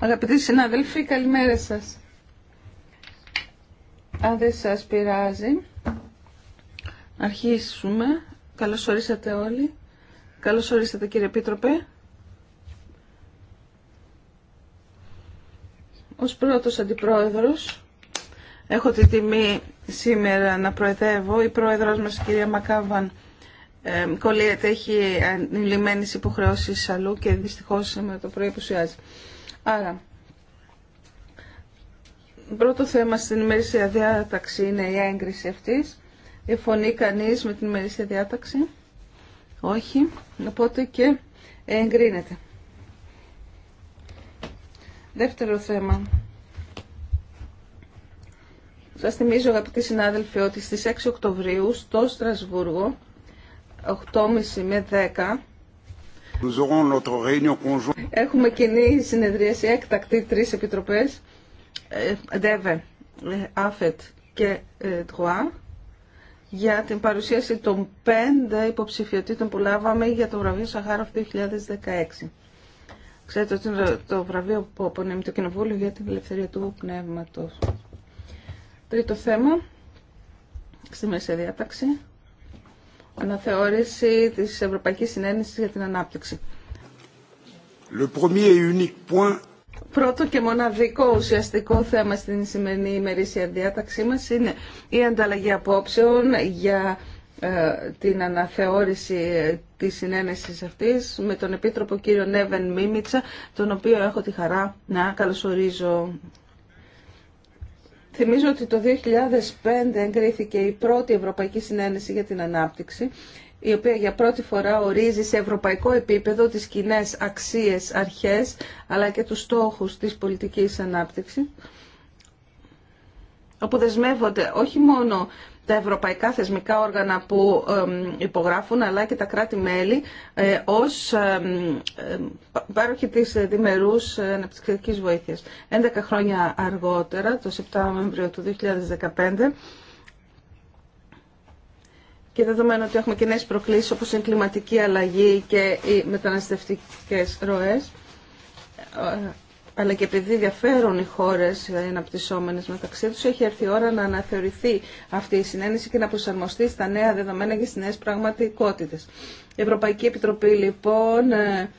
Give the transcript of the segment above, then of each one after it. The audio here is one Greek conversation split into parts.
Αγαπητοί συνάδελφοι, καλημέρα σας. Αν δεν σας πειράζει, αρχίσουμε. Καλώς ορίσατε όλοι. Καλώς ορίσατε κύριε Επίτροπε. Ως πρώτος αντιπρόεδρος, έχω τη τιμή σήμερα να προεδεύω. Η πρόεδρος μας, κυρία Μακάβαν, κολλείται, έχει ανηλυμένες υποχρεώσεις αλλού και δυστυχώς με το πρωί Άρα, πρώτο θέμα στην ημερήσια διάταξη είναι η έγκριση αυτής. Εφωνεί κανείς με την ημερήσια διάταξη. Όχι. Οπότε και εγκρίνεται. Δεύτερο θέμα. Σας θυμίζω αγαπητοί συνάδελφοι ότι στις 6 Οκτωβρίου στο Στρασβούργο 8.30 με 10. Έχουμε κοινή συνεδρίαση έκτακτη τρεις επιτροπές, ε, ΔΕΒΕ, ε, ΑΦΕΤ και ε, ΔΓΟΑ για την παρουσίαση των πέντε υποψηφιωτήτων που λάβαμε για το βραβείο Σαχάροφ 2016. Ξέρετε ότι είναι το βραβείο που απονέμει το Κοινοβούλιο για την ελευθερία του πνεύματος. Τρίτο θέμα, στη μέση διάταξη αναθεώρηση της Ευρωπαϊκής Συνένεσης για την Ανάπτυξη. Le premier Πρώτο και μοναδικό ουσιαστικό θέμα στην σημερινή ημερήσια διάταξή μας είναι η ανταλλαγή απόψεων για ε, την αναθεώρηση ε, της συνένεσης αυτής με τον Επίτροπο κύριο Νέβεν Μίμητσα, τον οποίο έχω τη χαρά να καλωσορίζω Θυμίζω ότι το 2005 εγκρίθηκε η πρώτη Ευρωπαϊκή Συνένεση για την Ανάπτυξη, η οποία για πρώτη φορά ορίζει σε ευρωπαϊκό επίπεδο τις κοινέ αξίες, αρχές, αλλά και τους στόχους της πολιτικής ανάπτυξης, όπου δεσμεύονται όχι μόνο τα ευρωπαϊκά θεσμικά όργανα που υπογράφουν αλλά και τα κράτη-μέλη ε, ως πάροχοι της διμερούς ε, αναπτυξιακής βοήθειας. 11 χρόνια αργότερα, το Σεπτέμβριο του 2015, και δεδομένου ότι έχουμε κοινέ προκλήσεις όπως είναι η κλιματική αλλαγή και οι μεταναστευτικές ροές, ε, αλλά και επειδή διαφέρουν οι χώρε αναπτυσσόμενε μεταξύ του, έχει έρθει η ώρα να αναθεωρηθεί αυτή η συνένεση και να προσαρμοστεί στα νέα δεδομένα και στι νέε πραγματικότητε. Η Ευρωπαϊκή Επιτροπή, λοιπόν, ε,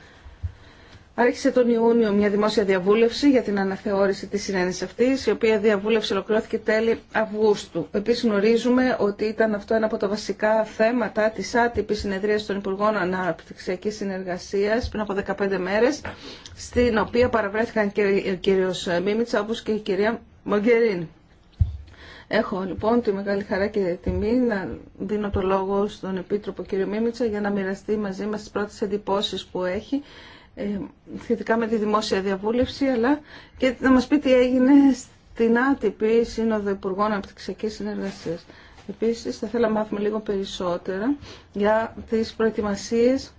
Άρχισε τον Ιούνιο μια δημόσια διαβούλευση για την αναθεώρηση τη συνένεση αυτή, η οποία διαβούλευση ολοκληρώθηκε τέλη Αυγούστου. Επίση γνωρίζουμε ότι ήταν αυτό ένα από τα βασικά θέματα τη άτυπη συνεδρία των Υπουργών Αναπτυξιακή συνεργασία πριν από 15 μέρε, στην οποία παραβρέθηκαν και ο κύριο Μίμητσα όπω και η κυρία Μογκερίνη. Έχω λοιπόν τη μεγάλη χαρά και τιμή να δίνω το λόγο στον Επίτροπο κύριο Μίμητσα για να μοιραστεί μαζί μα τι πρώτε εντυπωσει που έχει ε, σχετικά με τη δημόσια διαβούλευση, αλλά και να μας πει τι έγινε στην άτυπη Σύνοδο Υπουργών Αναπτυξιακής Συνεργασίας. Επίσης, θα θέλαμε να μάθουμε λίγο περισσότερα για τις προετοιμασίες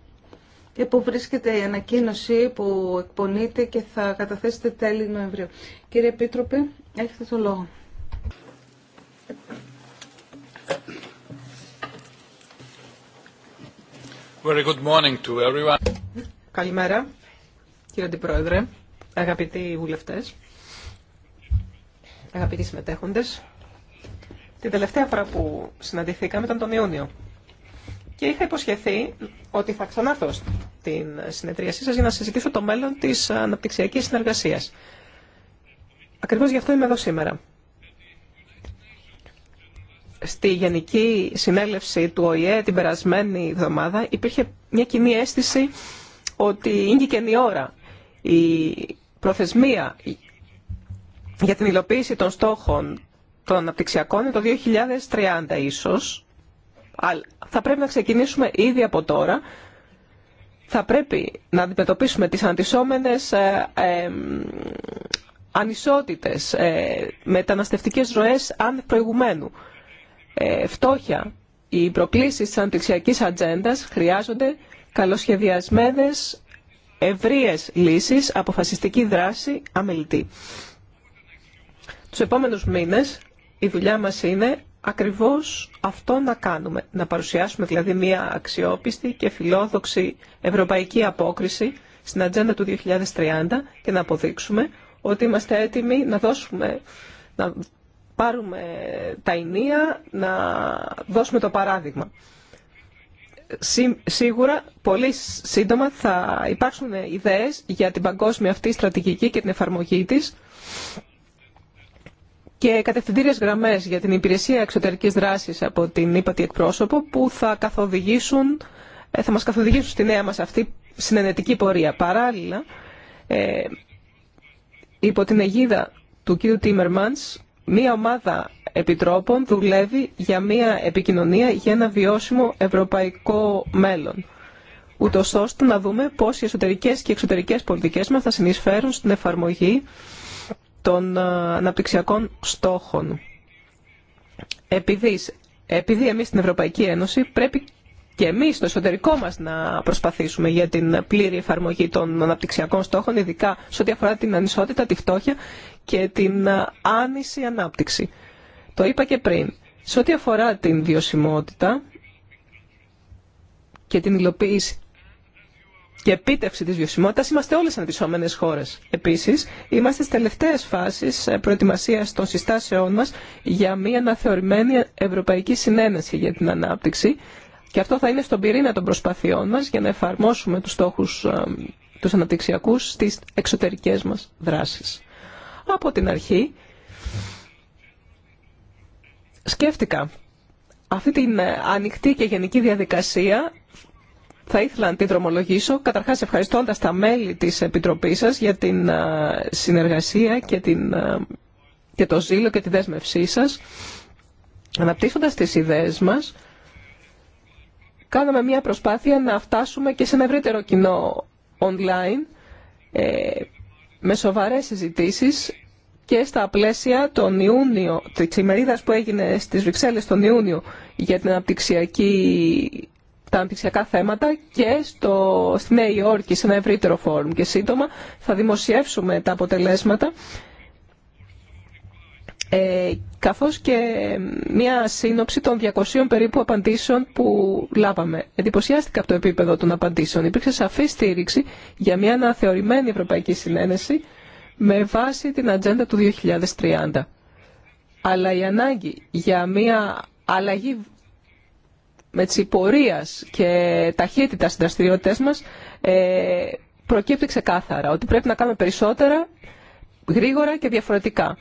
και πού βρίσκεται η ανακοίνωση που εκπονείται και θα καταθέσετε τέλη Νοεμβρίου. Κύριε Επίτροπε, έχετε το λόγο. good Καλημέρα, κύριε Αντιπρόεδρε, αγαπητοί βουλευτές, αγαπητοί συμμετέχοντες. Την τελευταία φορά που συναντηθήκαμε ήταν τον Ιούνιο και είχα υποσχεθεί ότι θα ξανάρθω στην συνεδρίασή σας για να συζητήσω το μέλλον της αναπτυξιακής συνεργασίας. Ακριβώς γι' αυτό είμαι εδώ σήμερα. Στη Γενική Συνέλευση του ΟΗΕ την περασμένη εβδομάδα υπήρχε μια κοινή αίσθηση ότι είναι και η ώρα η προθεσμία για την υλοποίηση των στόχων των αναπτυξιακών το 2030 ίσως. Αλλά θα πρέπει να ξεκινήσουμε ήδη από τώρα. Θα πρέπει να αντιμετωπίσουμε τις αντισώμενες ε, ε, ανισότητες, ε, μεταναστευτικές ροές αν προηγουμένου, ε, φτώχεια. Οι προκλήσεις της αναπτυξιακής ατζέντα χρειάζονται καλοσχεδιασμένες ευρείες λύσεις, αποφασιστική δράση, αμελητή. Τους επόμενους μήνες η δουλειά μας είναι ακριβώς αυτό να κάνουμε. Να παρουσιάσουμε δηλαδή μια αξιόπιστη και φιλόδοξη ευρωπαϊκή απόκριση στην ατζέντα του 2030 και να αποδείξουμε ότι είμαστε έτοιμοι να δώσουμε, να πάρουμε τα ενία, να δώσουμε το παράδειγμα σίγουρα πολύ σύντομα θα υπάρξουν ιδέες για την παγκόσμια αυτή στρατηγική και την εφαρμογή της και κατευθυντήριες γραμμές για την υπηρεσία εξωτερικής δράσης από την ύπατη εκπρόσωπο που θα, καθοδηγήσουν, ε, θα μας καθοδηγήσουν στη νέα μας αυτή συνενετική πορεία. Παράλληλα, ε, υπό την αιγίδα του κ. Τίμερμαντς, μία ομάδα επιτρόπων δουλεύει για μια επικοινωνία για ένα βιώσιμο ευρωπαϊκό μέλλον. Ούτω ώστε να δούμε πώ οι εσωτερικέ και εξωτερικέ πολιτικέ μα θα συνεισφέρουν στην εφαρμογή των ε, αναπτυξιακών στόχων. Επειδή, επειδή εμείς στην Ευρωπαϊκή Ένωση πρέπει και εμείς στο εσωτερικό μας να προσπαθήσουμε για την πλήρη εφαρμογή των αναπτυξιακών στόχων, ειδικά σε ό,τι αφορά την ανισότητα, τη φτώχεια και την ε, άνηση ανάπτυξη. Το είπα και πριν. Σε ό,τι αφορά την βιωσιμότητα και την υλοποίηση και επίτευξη της βιωσιμότητας, είμαστε όλες αναπτυσσόμενες χώρες. Επίσης, είμαστε στις τελευταίες φάσεις ε, προετοιμασίας των συστάσεών μας για μια αναθεωρημένη ευρωπαϊκή συνένεση για την ανάπτυξη και αυτό θα είναι στον πυρήνα των προσπαθειών μας για να εφαρμόσουμε τους στόχους ε, τους αναπτυξιακούς στις εξωτερικές μας δράσεις. Από την αρχή σκέφτηκα αυτή την ε, ανοιχτή και γενική διαδικασία θα ήθελα να τη δρομολογήσω. Καταρχάς ευχαριστώντας τα μέλη της Επιτροπής σας για την ε, συνεργασία και, την, ε, και το ζήλο και τη δέσμευσή σας. Αναπτύσσοντας τις ιδέες μας, κάναμε μια προσπάθεια να φτάσουμε και σε ένα ευρύτερο κοινό online, με σοβαρές συζητήσεις και στα πλαίσια τον Ιούνιο, της ημερίδας που έγινε στις Βρυξέλλες τον Ιούνιο για την αναπτυξιακή, τα αναπτυξιακά θέματα και στο, στη Νέα Υόρκη σε ένα ευρύτερο φόρουμ και σύντομα θα δημοσιεύσουμε τα αποτελέσματα ε, καθώς και μία σύνοψη των 200 περίπου απαντήσεων που λάβαμε. Εντυπωσιάστηκα από το επίπεδο των απαντήσεων. Υπήρξε σαφή στήριξη για μια αναθεωρημένη Ευρωπαϊκή Συνένεση με βάση την ατζέντα του 2030. Αλλά η ανάγκη για μια αλλαγή με τις πορείας και ταχύτητα στις δραστηριότητε μας ε, προκύπτει ξεκάθαρα ότι πρέπει να κάνουμε περισσότερα γρήγορα και διαφορετικά.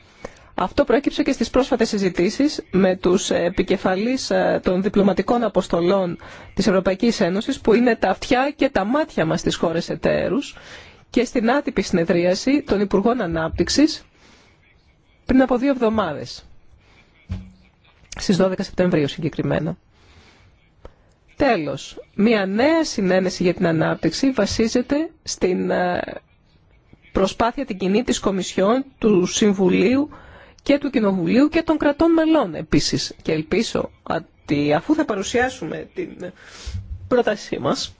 Αυτό προέκυψε και στις πρόσφατες συζητήσεις με τους επικεφαλείς ε, των διπλωματικών αποστολών της Ευρωπαϊκής Ένωσης που είναι τα αυτιά και τα μάτια μας στις χώρες εταίρους και στην άτυπη συνεδρίαση των Υπουργών Ανάπτυξης πριν από δύο εβδομάδες, στις 12 Σεπτεμβρίου συγκεκριμένα. Τέλος, μια νέα συνένεση για την ανάπτυξη βασίζεται στην ε, προσπάθεια την κοινή της Κομισιόν, του Συμβουλίου και του Κοινοβουλίου και των κρατών μελών επίσης. Και ελπίζω ότι αφού θα παρουσιάσουμε την πρότασή μας,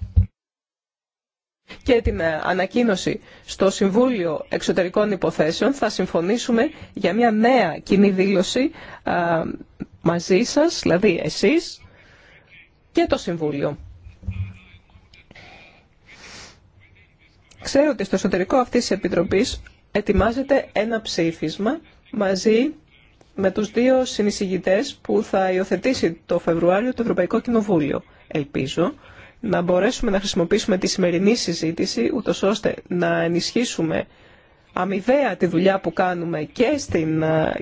και την ε, ανακοίνωση στο Συμβούλιο Εξωτερικών Υποθέσεων θα συμφωνήσουμε για μια νέα κοινή δήλωση ε, μαζί σας, δηλαδή εσείς και το Συμβούλιο. Ξέρω ότι στο εσωτερικό αυτής της Επιτροπής ετοιμάζεται ένα ψήφισμα μαζί με τους δύο συνεισηγητές που θα υιοθετήσει το Φεβρουάριο το Ευρωπαϊκό Κοινοβούλιο. Ελπίζω να μπορέσουμε να χρησιμοποιήσουμε τη σημερινή συζήτηση, ούτως ώστε να ενισχύσουμε αμοιβαία τη δουλειά που κάνουμε και στην ε,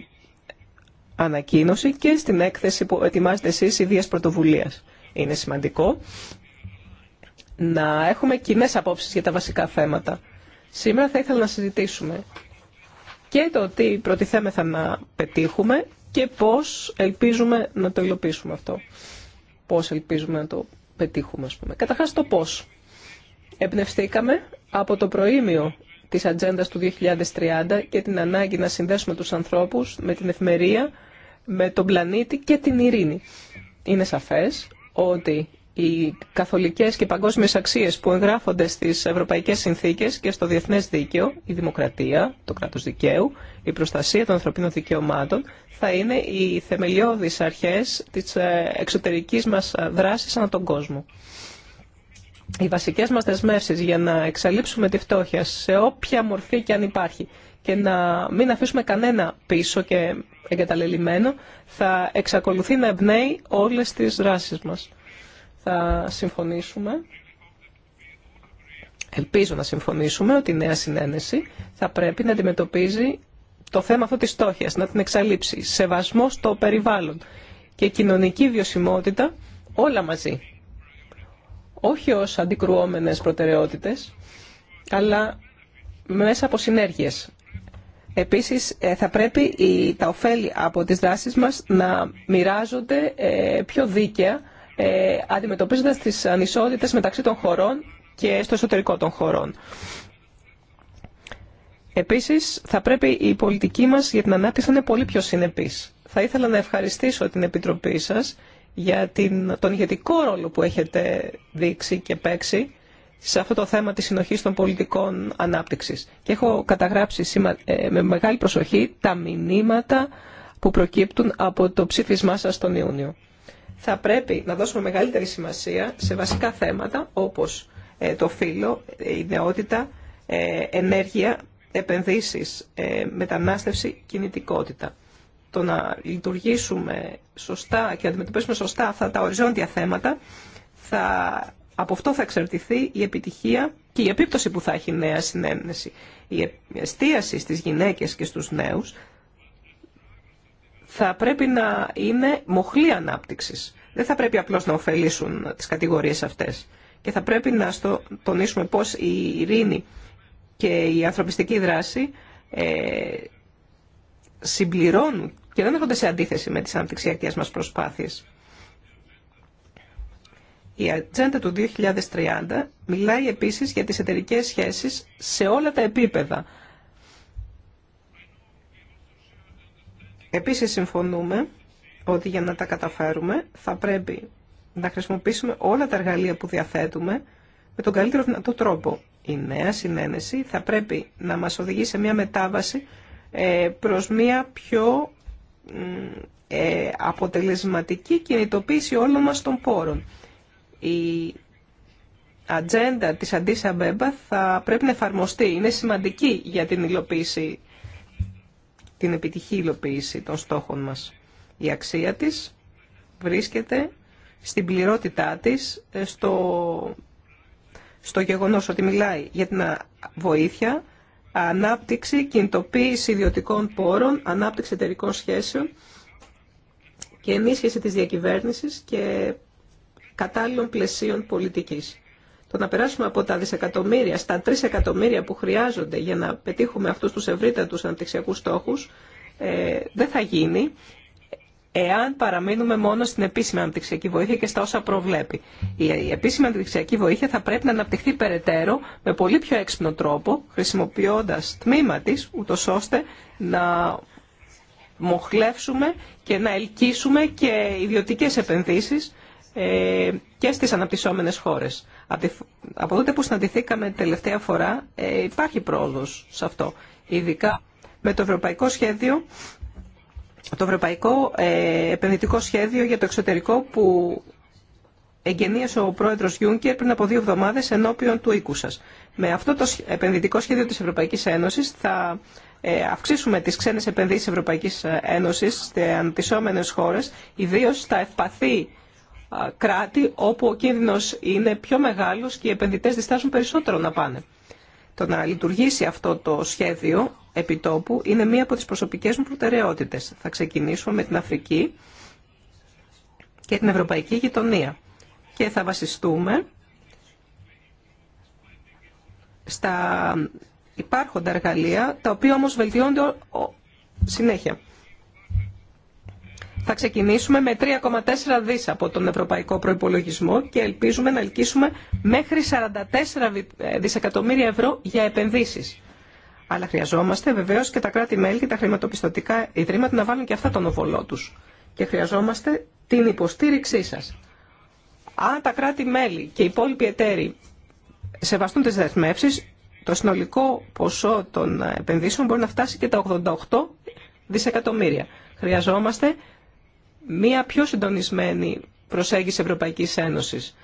ανακοίνωση και στην έκθεση που ετοιμάζετε εσείς ιδίας πρωτοβουλίας. Είναι σημαντικό να έχουμε κοινέ απόψεις για τα βασικά θέματα. Σήμερα θα ήθελα να συζητήσουμε και το τι προτιθέμεθα να πετύχουμε και πώς ελπίζουμε να το υλοποιήσουμε αυτό. Πώς ελπίζουμε να το πετύχουμε, ας πούμε. Καταρχάς το πώς. Εμπνευστήκαμε από το προήμιο της ατζέντα του 2030 και την ανάγκη να συνδέσουμε τους ανθρώπους με την ευμερία, με τον πλανήτη και την ειρήνη. Είναι σαφές ότι οι καθολικές και παγκόσμιες αξίες που εγγράφονται στις ευρωπαϊκές συνθήκες και στο διεθνές δίκαιο, η δημοκρατία, το κράτος δικαίου, η προστασία των ανθρωπίνων δικαιωμάτων, θα είναι οι θεμελιώδεις αρχές της ε, εξωτερικής μας δράσης ανά τον κόσμο. Οι βασικές μας δεσμεύσεις για να εξαλείψουμε τη φτώχεια σε όποια μορφή και αν υπάρχει και να μην αφήσουμε κανένα πίσω και εγκαταλελειμμένο, θα εξακολουθεί να εμπνέει όλες τις δράσεις μας θα συμφωνήσουμε, ελπίζω να συμφωνήσουμε, ότι η νέα συνένεση θα πρέπει να αντιμετωπίζει το θέμα αυτό της στόχιας, να την εξαλείψει. Σεβασμό στο περιβάλλον και κοινωνική βιωσιμότητα όλα μαζί. Όχι ως αντικρουόμενες προτεραιότητες, αλλά μέσα από συνέργειες. Επίσης, ε, θα πρέπει τα ωφέλη από τις δράσεις μας να μοιράζονται ε, πιο δίκαια ε, αντιμετωπίζοντας τις ανισότητες μεταξύ των χωρών και στο εσωτερικό των χωρών. Επίσης, θα πρέπει η πολιτική μας για την ανάπτυξη να είναι πολύ πιο συνεπής. Θα ήθελα να ευχαριστήσω την Επιτροπή σας για την, τον ηγετικό ρόλο που έχετε δείξει και παίξει σε αυτό το θέμα της συνοχής των πολιτικών ανάπτυξης. Και έχω καταγράψει ε, με μεγάλη προσοχή τα μηνύματα που προκύπτουν από το ψήφισμά σας τον Ιούνιο θα πρέπει να δώσουμε μεγαλύτερη σημασία σε βασικά θέματα όπως ε, το φύλλο, ιδεότητα, ε, ε, ενέργεια, επενδύσεις, μετανάστευση, κινητικότητα. Το να λειτουργήσουμε σωστά και να αντιμετωπίσουμε σωστά αυτά τα οριζόντια θέματα, θα, από αυτό θα εξαρτηθεί η επιτυχία και η επίπτωση που θα έχει η νέα συνένεση. Η εστίαση στις γυναίκες και στους νέους θα πρέπει να είναι μοχλή ανάπτυξη. Δεν θα πρέπει απλώς να ωφελήσουν τις κατηγορίες αυτές. Και θα πρέπει να στο τονίσουμε πώς η ειρήνη και η ανθρωπιστική δράση ε, συμπληρώνουν και δεν έρχονται σε αντίθεση με τις αναπτυξιακές μας προσπάθειες. Η ατζέντα του 2030 μιλάει επίσης για τις εταιρικές σχέσεις σε όλα τα επίπεδα Επίσης συμφωνούμε ότι για να τα καταφέρουμε θα πρέπει να χρησιμοποιήσουμε όλα τα εργαλεία που διαθέτουμε με τον καλύτερο δυνατό τρόπο. Η νέα συνένεση θα πρέπει να μας οδηγεί σε μια μετάβαση ε, προς μια πιο ε, αποτελεσματική κινητοποίηση όλων μας των πόρων. Η ατζέντα της Αντίσα Μπέμπα θα πρέπει να εφαρμοστεί. Είναι σημαντική για την υλοποίηση την επιτυχή υλοποίηση των στόχων μας. Η αξία της βρίσκεται στην πληρότητά της, ε, στο, στο γεγονός ότι μιλάει για την βοήθεια, ανάπτυξη, κινητοποίηση ιδιωτικών πόρων, ανάπτυξη εταιρικών σχέσεων και ενίσχυση της διακυβέρνησης και κατάλληλων πλαισίων πολιτικής. Το να περάσουμε από τα δισεκατομμύρια στα τρισεκατομμύρια που χρειάζονται για να πετύχουμε αυτούς τους ευρύτατους αναπτυξιακούς στόχους ε, δεν θα γίνει εάν παραμείνουμε μόνο στην επίσημη αναπτυξιακή βοήθεια και στα όσα προβλέπει. Η επίσημη αναπτυξιακή βοήθεια θα πρέπει να αναπτυχθεί περαιτέρω με πολύ πιο έξυπνο τρόπο, χρησιμοποιώντας τμήμα τη, ούτως ώστε να μοχλεύσουμε και να ελκύσουμε και ιδιωτικές επενδύσεις ε, και στις αναπτυσσόμενες χώρες. Από τότε που συναντηθήκαμε τελευταία φορά ε, υπάρχει πρόοδος σε αυτό. Ειδικά με το ευρωπαϊκό σχέδιο, το ευρωπαϊκό ε, επενδυτικό σχέδιο για το εξωτερικό που εγγενίασε ο πρόεδρος Γιούνκερ πριν από δύο εβδομάδες ενώπιον του οίκου σας. Με αυτό το επενδυτικό σχέδιο της Ευρωπαϊκής Ένωσης θα ε, αυξήσουμε τις ξένες επενδύσεις της Ευρωπαϊκής Ένωσης σε αντισώμενες χώρες, ιδίως στα ευπαθή κράτη όπου ο κίνδυνος είναι πιο μεγάλος και οι επενδυτές διστάζουν περισσότερο να πάνε. Το να λειτουργήσει αυτό το σχέδιο επιτόπου είναι μία από τις προσωπικές μου προτεραιότητες. Θα ξεκινήσουμε με την Αφρική και την Ευρωπαϊκή Γειτονία και θα βασιστούμε στα υπάρχοντα εργαλεία, τα οποία όμως βελτιώνται συνέχεια. Θα ξεκινήσουμε με 3,4 δις από τον Ευρωπαϊκό Προϋπολογισμό και ελπίζουμε να ελκύσουμε μέχρι 44 ε, δισεκατομμύρια ευρώ για επενδύσεις. Αλλά χρειαζόμαστε βεβαίως και τα κράτη-μέλη και τα χρηματοπιστωτικά ιδρύματα να βάλουν και αυτά τον οβολό τους. Και χρειαζόμαστε την υποστήριξή σας. Αν τα κράτη-μέλη και οι υπόλοιποι εταίροι σεβαστούν τι δεσμεύσεις, το συνολικό ποσό των επενδύσεων μπορεί να φτάσει και τα 88 δισεκατομμύρια. Χρειαζόμαστε μία πιο συντονισμένη προσέγγιση Ευρωπαϊκής Ένωσης.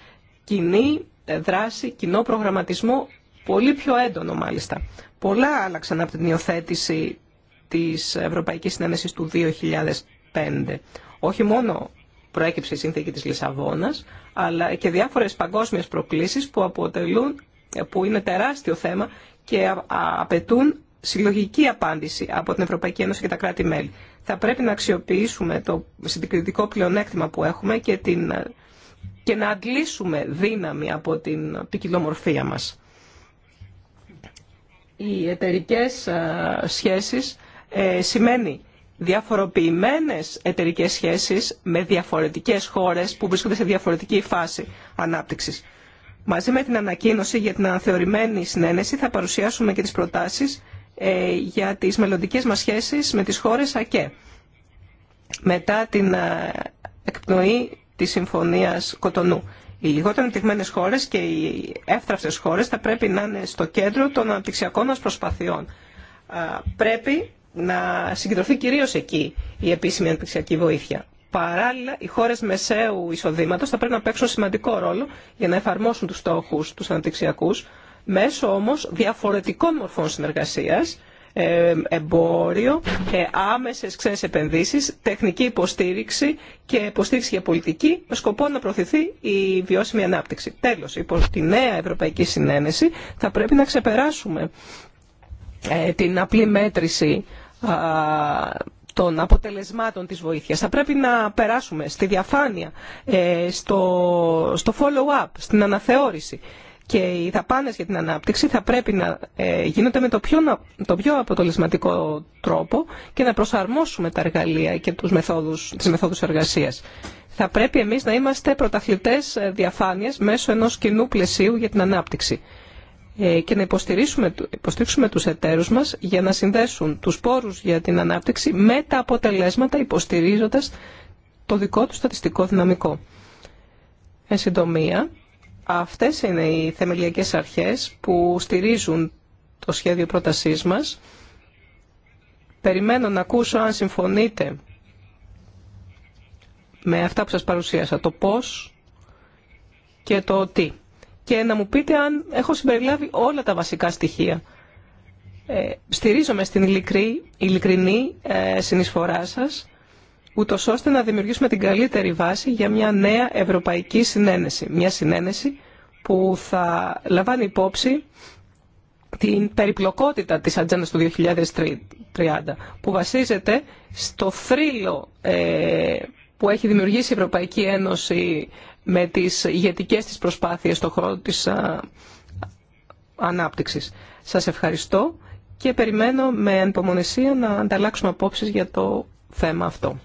Κοινή δράση, κοινό προγραμματισμό, πολύ πιο έντονο μάλιστα. Πολλά άλλαξαν από την υιοθέτηση της Ευρωπαϊκής Συνένεσης του 2005. Όχι μόνο προέκυψε η Σύνθηκη της Λισαβόνας, αλλά και διάφορες παγκόσμιες προκλήσεις που, αποτελούν, που είναι τεράστιο θέμα και απαιτούν συλλογική απάντηση από την Ευρωπαϊκή Ένωση και τα κράτη-μέλη θα πρέπει να αξιοποιήσουμε το συντηρητικό πλεονέκτημα που έχουμε και, την, και να αντλήσουμε δύναμη από την ποικιλομορφία μας. Οι εταιρικέ σχέσεις ε, σημαίνει διαφοροποιημένες εταιρικέ σχέσεις με διαφορετικές χώρες που βρίσκονται σε διαφορετική φάση ανάπτυξης. Μαζί με την ανακοίνωση για την αναθεωρημένη συνένεση θα παρουσιάσουμε και τις προτάσεις ε, για τις μελλοντικές μας σχέσεις με τις χώρες ΑΚΕ. Μετά την ε, εκπνοή της Συμφωνίας Κοτονού. Οι λιγότερο ανεπτυγμένε χώρε και οι εύθραυστε χώρε θα πρέπει να είναι στο κέντρο των αναπτυξιακών μα προσπαθειών. Ε, πρέπει να συγκεντρωθεί κυρίω εκεί η επίσημη αναπτυξιακή βοήθεια. Παράλληλα, οι χώρε μεσαίου εισοδήματο θα πρέπει να παίξουν σημαντικό ρόλο για να εφαρμόσουν του στόχου του αναπτυξιακού, μέσω όμως διαφορετικών μορφών συνεργασίας, ε, εμπόριο, άμεσες ξένες επενδύσεις, τεχνική υποστήριξη και υποστήριξη για πολιτική με σκοπό να προωθηθεί η βιώσιμη ανάπτυξη. Τέλος, υπό τη νέα Ευρωπαϊκή Συνένεση θα πρέπει να ξεπεράσουμε ε, την απλή μέτρηση των αποτελεσμάτων της βοήθειας. Θα πρέπει να περάσουμε στη διαφάνεια, ε, στο follow-up, στην αναθεώρηση και οι δαπάνε για την ανάπτυξη θα πρέπει να ε, γίνονται με το πιο, το πιο αποτελεσματικό τρόπο και να προσαρμόσουμε τα εργαλεία και τους μεθόδους, τις μεθόδους εργασίας. Θα πρέπει εμείς να είμαστε πρωταθλητές ε, διαφάνειας μέσω ενός κοινού πλαισίου για την ανάπτυξη ε, και να υποστηρίξουμε, υποστηρίξουμε τους εταίρους μας για να συνδέσουν τους πόρους για την ανάπτυξη με τα αποτελέσματα υποστηρίζοντας το δικό του στατιστικό δυναμικό. Εν συντομία, Αυτές είναι οι θεμελιακές αρχές που στηρίζουν το σχέδιο πρότασής μας. Περιμένω να ακούσω αν συμφωνείτε με αυτά που σας παρουσίασα, το πώς και το τι. Και να μου πείτε αν έχω συμπεριλάβει όλα τα βασικά στοιχεία. Ε, στηρίζομαι στην ειλικρή, ειλικρινή ε, συνεισφορά σας ούτω ώστε να δημιουργήσουμε την καλύτερη βάση για μια νέα ευρωπαϊκή συνένεση. Μια συνένεση που θα λαμβάνει υπόψη την περιπλοκότητα της ατζέντα του 2030, που βασίζεται στο θρύλο ε, που έχει δημιουργήσει η Ευρωπαϊκή Ένωση με τις ηγετικέ της προσπάθειες στον χρόνο της ανάπτυξης. Σας ευχαριστώ και περιμένω με ανυπομονησία να ανταλλάξουμε απόψεις για το θέμα αυτό.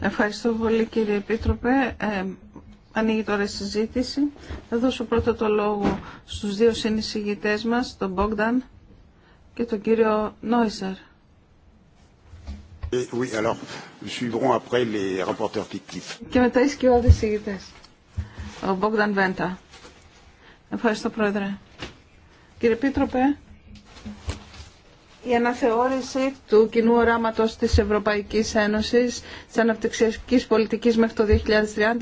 Ευχαριστώ πολύ κύριε Επίτροπε. Ε, ανοίγει τώρα η συζήτηση. Θα δώσω πρώτα το λόγο στους δύο συνεισηγητές μας, τον Μπόγκταν και τον κύριο Νόισερ. και μετά οι σκιώδες συγητές. Ο Μπόγκταν Βέντα. Ευχαριστώ πρόεδρε. Κύριε Πίτροπε, η αναθεώρηση του κοινού οράματο της Ευρωπαϊκής ένωση τη αναπτυξιακής πολιτικής μέχρι το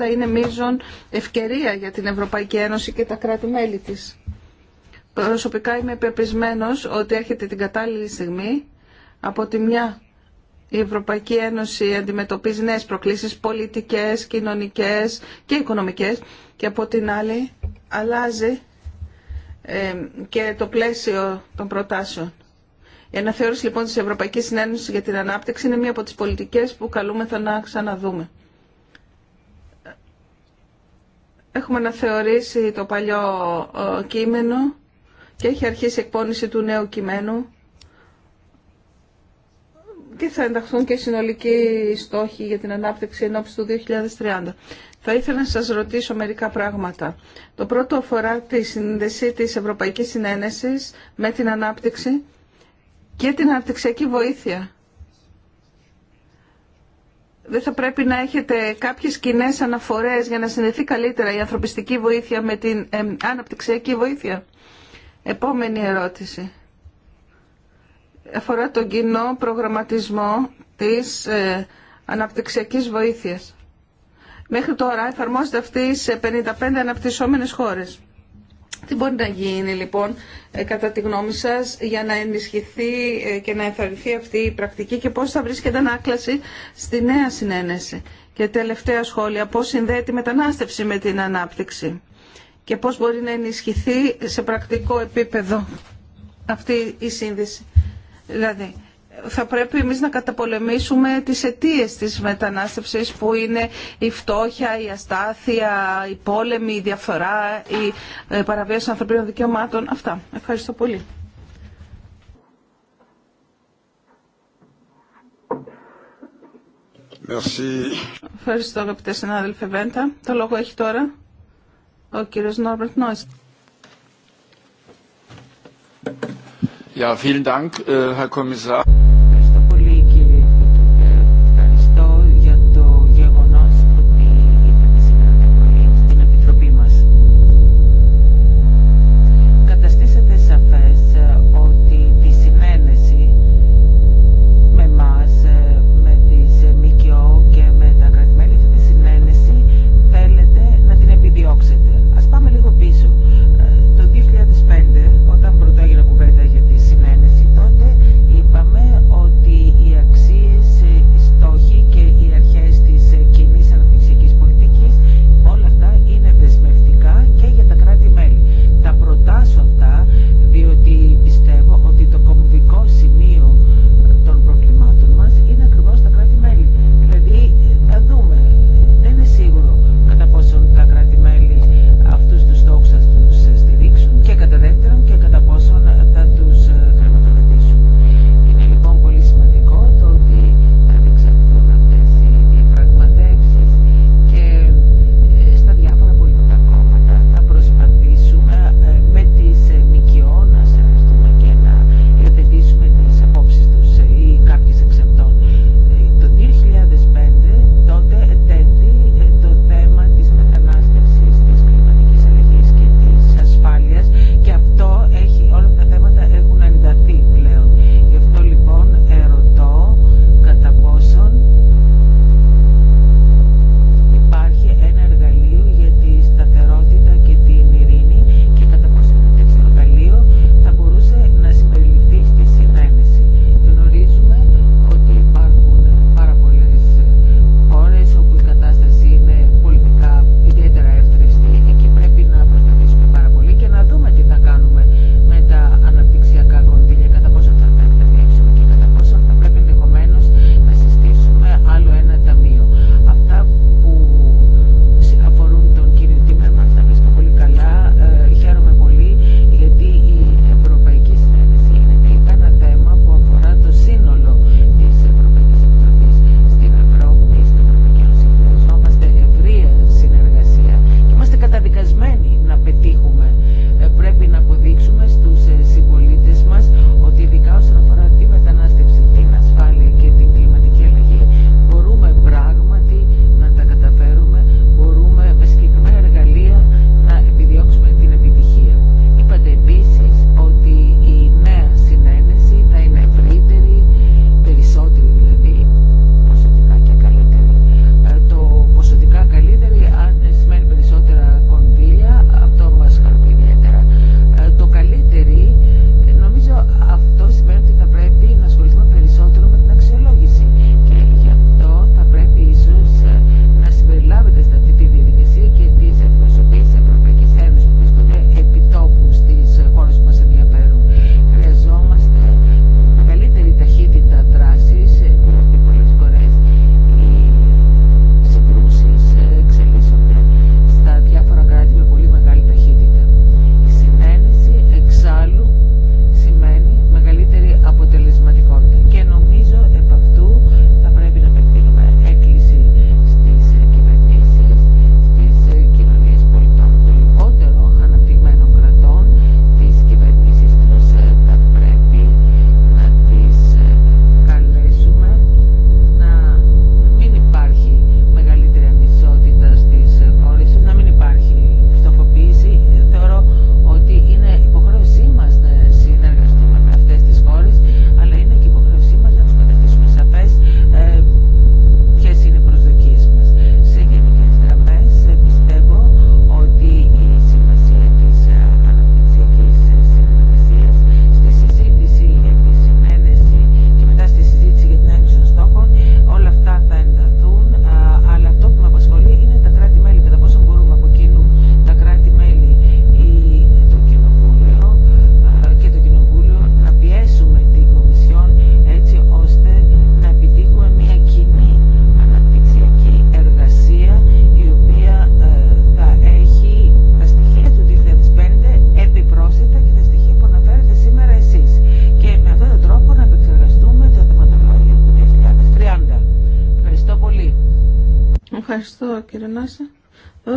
2030 είναι μείζον ευκαιρία για την Ευρωπαϊκή Ένωση και τα κράτη-μέλη της. Προσωπικά είμαι πεπισμένο ότι έρχεται την κατάλληλη στιγμή από τη μια η Ευρωπαϊκή Ένωση αντιμετωπίζει νέες προκλήσεις πολιτικές, κοινωνικές και οικονομικές και από την άλλη αλλάζει ε, και το πλαίσιο των προτάσεων. Η αναθεώρηση λοιπόν της Ευρωπαϊκής Συνένωσης για την Ανάπτυξη είναι μία από τις πολιτικές που καλούμεθα να ξαναδούμε. Έχουμε αναθεωρήσει το παλιό ε, κείμενο και έχει αρχίσει η εκπόνηση του νέου κειμένου και θα ενταχθούν και συνολικοί στόχοι για την ανάπτυξη ενόψη του 2030. Θα ήθελα να σας ρωτήσω μερικά πράγματα. Το πρώτο αφορά τη σύνδεση της Ευρωπαϊκής Συνένεσης με την ανάπτυξη και την αναπτυξιακή βοήθεια. Δεν θα πρέπει να έχετε κάποιες κοινέ αναφορές για να συνδεθεί καλύτερα η ανθρωπιστική βοήθεια με την αναπτυξιακή βοήθεια. Επόμενη ερώτηση. Αφορά τον κοινό προγραμματισμό της ε, αναπτυξιακής βοήθειας. Μέχρι τώρα εφαρμόζεται αυτή σε 55 αναπτυσσόμενες χώρες. Τι μπορεί να γίνει λοιπόν ε, κατά τη γνώμη σας για να ενισχυθεί ε, και να ενθαρρυνθεί αυτή η πρακτική και πώς θα βρίσκεται ανάκλαση στη νέα συνένεση. Και τελευταία σχόλια, πώς συνδέεται η μετανάστευση με την ανάπτυξη και πώς μπορεί να ενισχυθεί σε πρακτικό επίπεδο αυτή η σύνδεση. Δηλαδή, θα πρέπει εμείς να καταπολεμήσουμε τις αιτίες της μετανάστευσης που είναι η φτώχεια, η αστάθεια, η πόλεμη, η διαφθορά, η ε, παραβίαση ανθρωπίνων δικαιωμάτων. Αυτά. Ευχαριστώ πολύ. Merci. Ευχαριστώ αγαπητέ συνάδελφε Βέντα. Το λόγο έχει τώρα ο κύριος Νόρμπερτ Νόης. Ja, vielen Dank, äh, Herr Kommissar.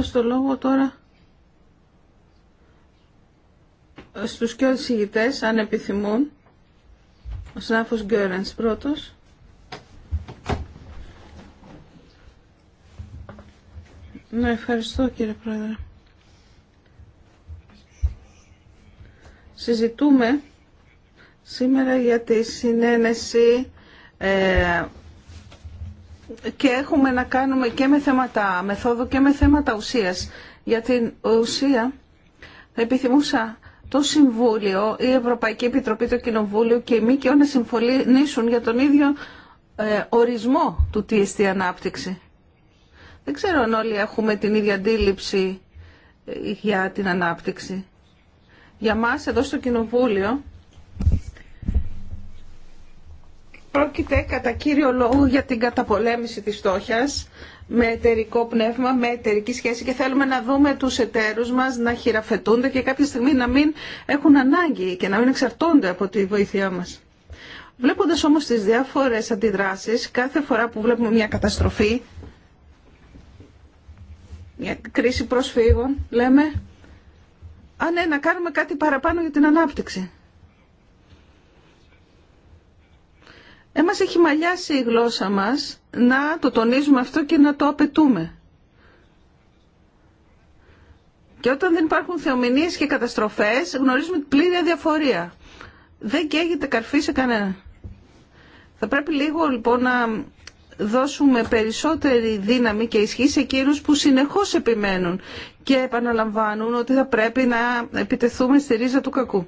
στο λόγο τώρα στους και ηγητές, αν επιθυμούν. Ο Σνάφος Γκέρενς πρώτος. Ναι, ευχαριστώ κύριε Πρόεδρε. Συζητούμε σήμερα για τη συνένεση ε, και έχουμε να κάνουμε και με θέματα μεθόδου και με θέματα ουσίας. Για την ουσία θα επιθυμούσα το Συμβούλιο, η Ευρωπαϊκή Επιτροπή, το Κοινοβούλιο και και ΜΚΟ να συμφωνήσουν για τον ίδιο ε, ορισμό του τι εστί ανάπτυξη. Δεν ξέρω αν όλοι έχουμε την ίδια αντίληψη ε, για την ανάπτυξη. Για μας εδώ στο Κοινοβούλιο Πρόκειται κατά κύριο λόγο για την καταπολέμηση της στόχιας με εταιρικό πνεύμα, με εταιρική σχέση και θέλουμε να δούμε τους εταίρους μας να χειραφετούνται και κάποια στιγμή να μην έχουν ανάγκη και να μην εξαρτώνται από τη βοήθειά μας. Βλέποντας όμως τις διάφορες αντιδράσεις, κάθε φορά που βλέπουμε μια καταστροφή, μια κρίση προσφύγων, λέμε, α ναι, να κάνουμε κάτι παραπάνω για την ανάπτυξη. Έμας ε, έχει μαλλιάσει η γλώσσα μας να το τονίζουμε αυτό και να το απαιτούμε. Και όταν δεν υπάρχουν θεομηνίες και καταστροφές γνωρίζουμε πλήρη αδιαφορία. Δεν καίγεται καρφή σε κανένα. Θα πρέπει λίγο λοιπόν να δώσουμε περισσότερη δύναμη και ισχύ σε εκείνους που συνεχώς επιμένουν και επαναλαμβάνουν ότι θα πρέπει να επιτεθούμε στη ρίζα του κακού.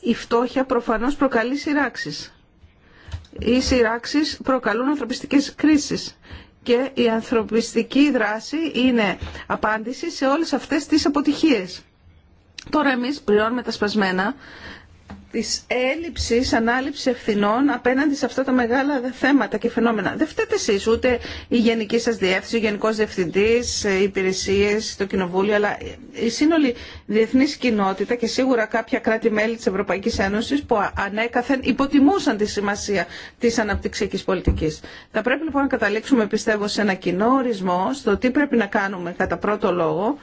Η φτώχεια προφανώς προκαλεί σειράξεις οι σειράξεις προκαλούν ανθρωπιστικές κρίσεις και η ανθρωπιστική δράση είναι απάντηση σε όλες αυτές τις αποτυχίες. Τώρα εμείς πληρώνουμε τα σπασμένα της έλλειψης, ανάληψης ευθυνών απέναντι σε αυτά τα μεγάλα θέματα και φαινόμενα. Δεν φταίτε εσείς, ούτε η γενική σας διεύθυνση, ο γενικός διευθυντής, οι ε, υπηρεσίες, το κοινοβούλιο, αλλά η σύνολη διεθνής κοινότητα και σίγουρα κάποια κράτη-μέλη της Ευρωπαϊκής Ένωσης που ανέκαθεν υποτιμούσαν τη σημασία της αναπτυξιακής πολιτικής. Θα πρέπει λοιπόν να καταλήξουμε, πιστεύω, σε ένα κοινό ορισμό στο τι πρέπει να κάνουμε κατά πρώτο λόγο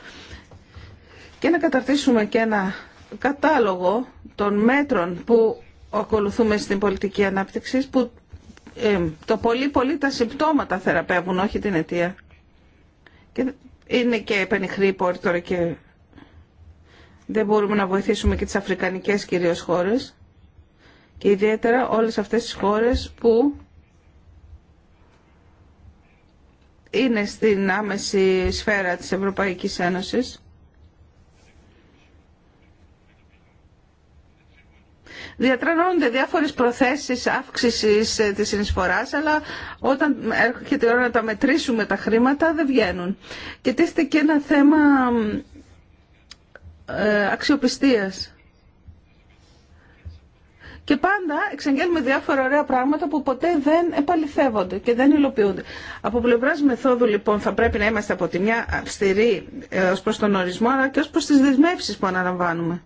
και να καταρτήσουμε και ένα κατάλογο των μέτρων που ακολουθούμε στην πολιτική ανάπτυξη που ε, το πολύ πολύ τα συμπτώματα θεραπεύουν, όχι την αιτία. Και είναι και επενιχρή πόρη τώρα και δεν μπορούμε να βοηθήσουμε και τις αφρικανικές κυρίως χώρες και ιδιαίτερα όλες αυτές τις χώρες που είναι στην άμεση σφαίρα της Ευρωπαϊκής Ένωσης διατρανώνονται διάφορες προθέσεις αύξησης ε, της συνεισφοράς, αλλά όταν έρχεται η ώρα να τα μετρήσουμε τα χρήματα δεν βγαίνουν. Και τίθεται και ένα θέμα ε, αξιοπιστίας. Και πάντα εξαγγέλνουμε διάφορα ωραία πράγματα που ποτέ δεν επαληθεύονται και δεν υλοποιούνται. Από πλευρά μεθόδου λοιπόν θα πρέπει να είμαστε από τη μια αυστηροί ε, ω προ τον ορισμό αλλά και ω προ τι δεσμεύσει που αναλαμβάνουμε.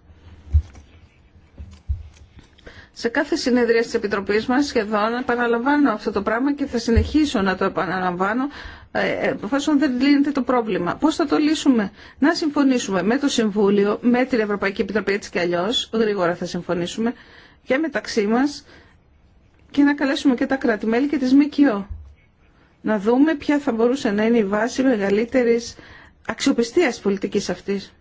Σε κάθε συνεδρία της Επιτροπής μας σχεδόν επαναλαμβάνω αυτό το πράγμα και θα συνεχίσω να το επαναλαμβάνω ε, εφόσον δεν λύνεται το πρόβλημα. Πώς θα το λύσουμε. Να συμφωνήσουμε με το Συμβούλιο, με την Ευρωπαϊκή Επιτροπή έτσι και αλλιώς, γρήγορα θα συμφωνήσουμε και μεταξύ μας και να καλέσουμε και τα κράτη-μέλη και τις ΜΚΟ. Να δούμε ποια θα μπορούσε να είναι η βάση μεγαλύτερης αξιοπιστίας πολιτικής αυτής.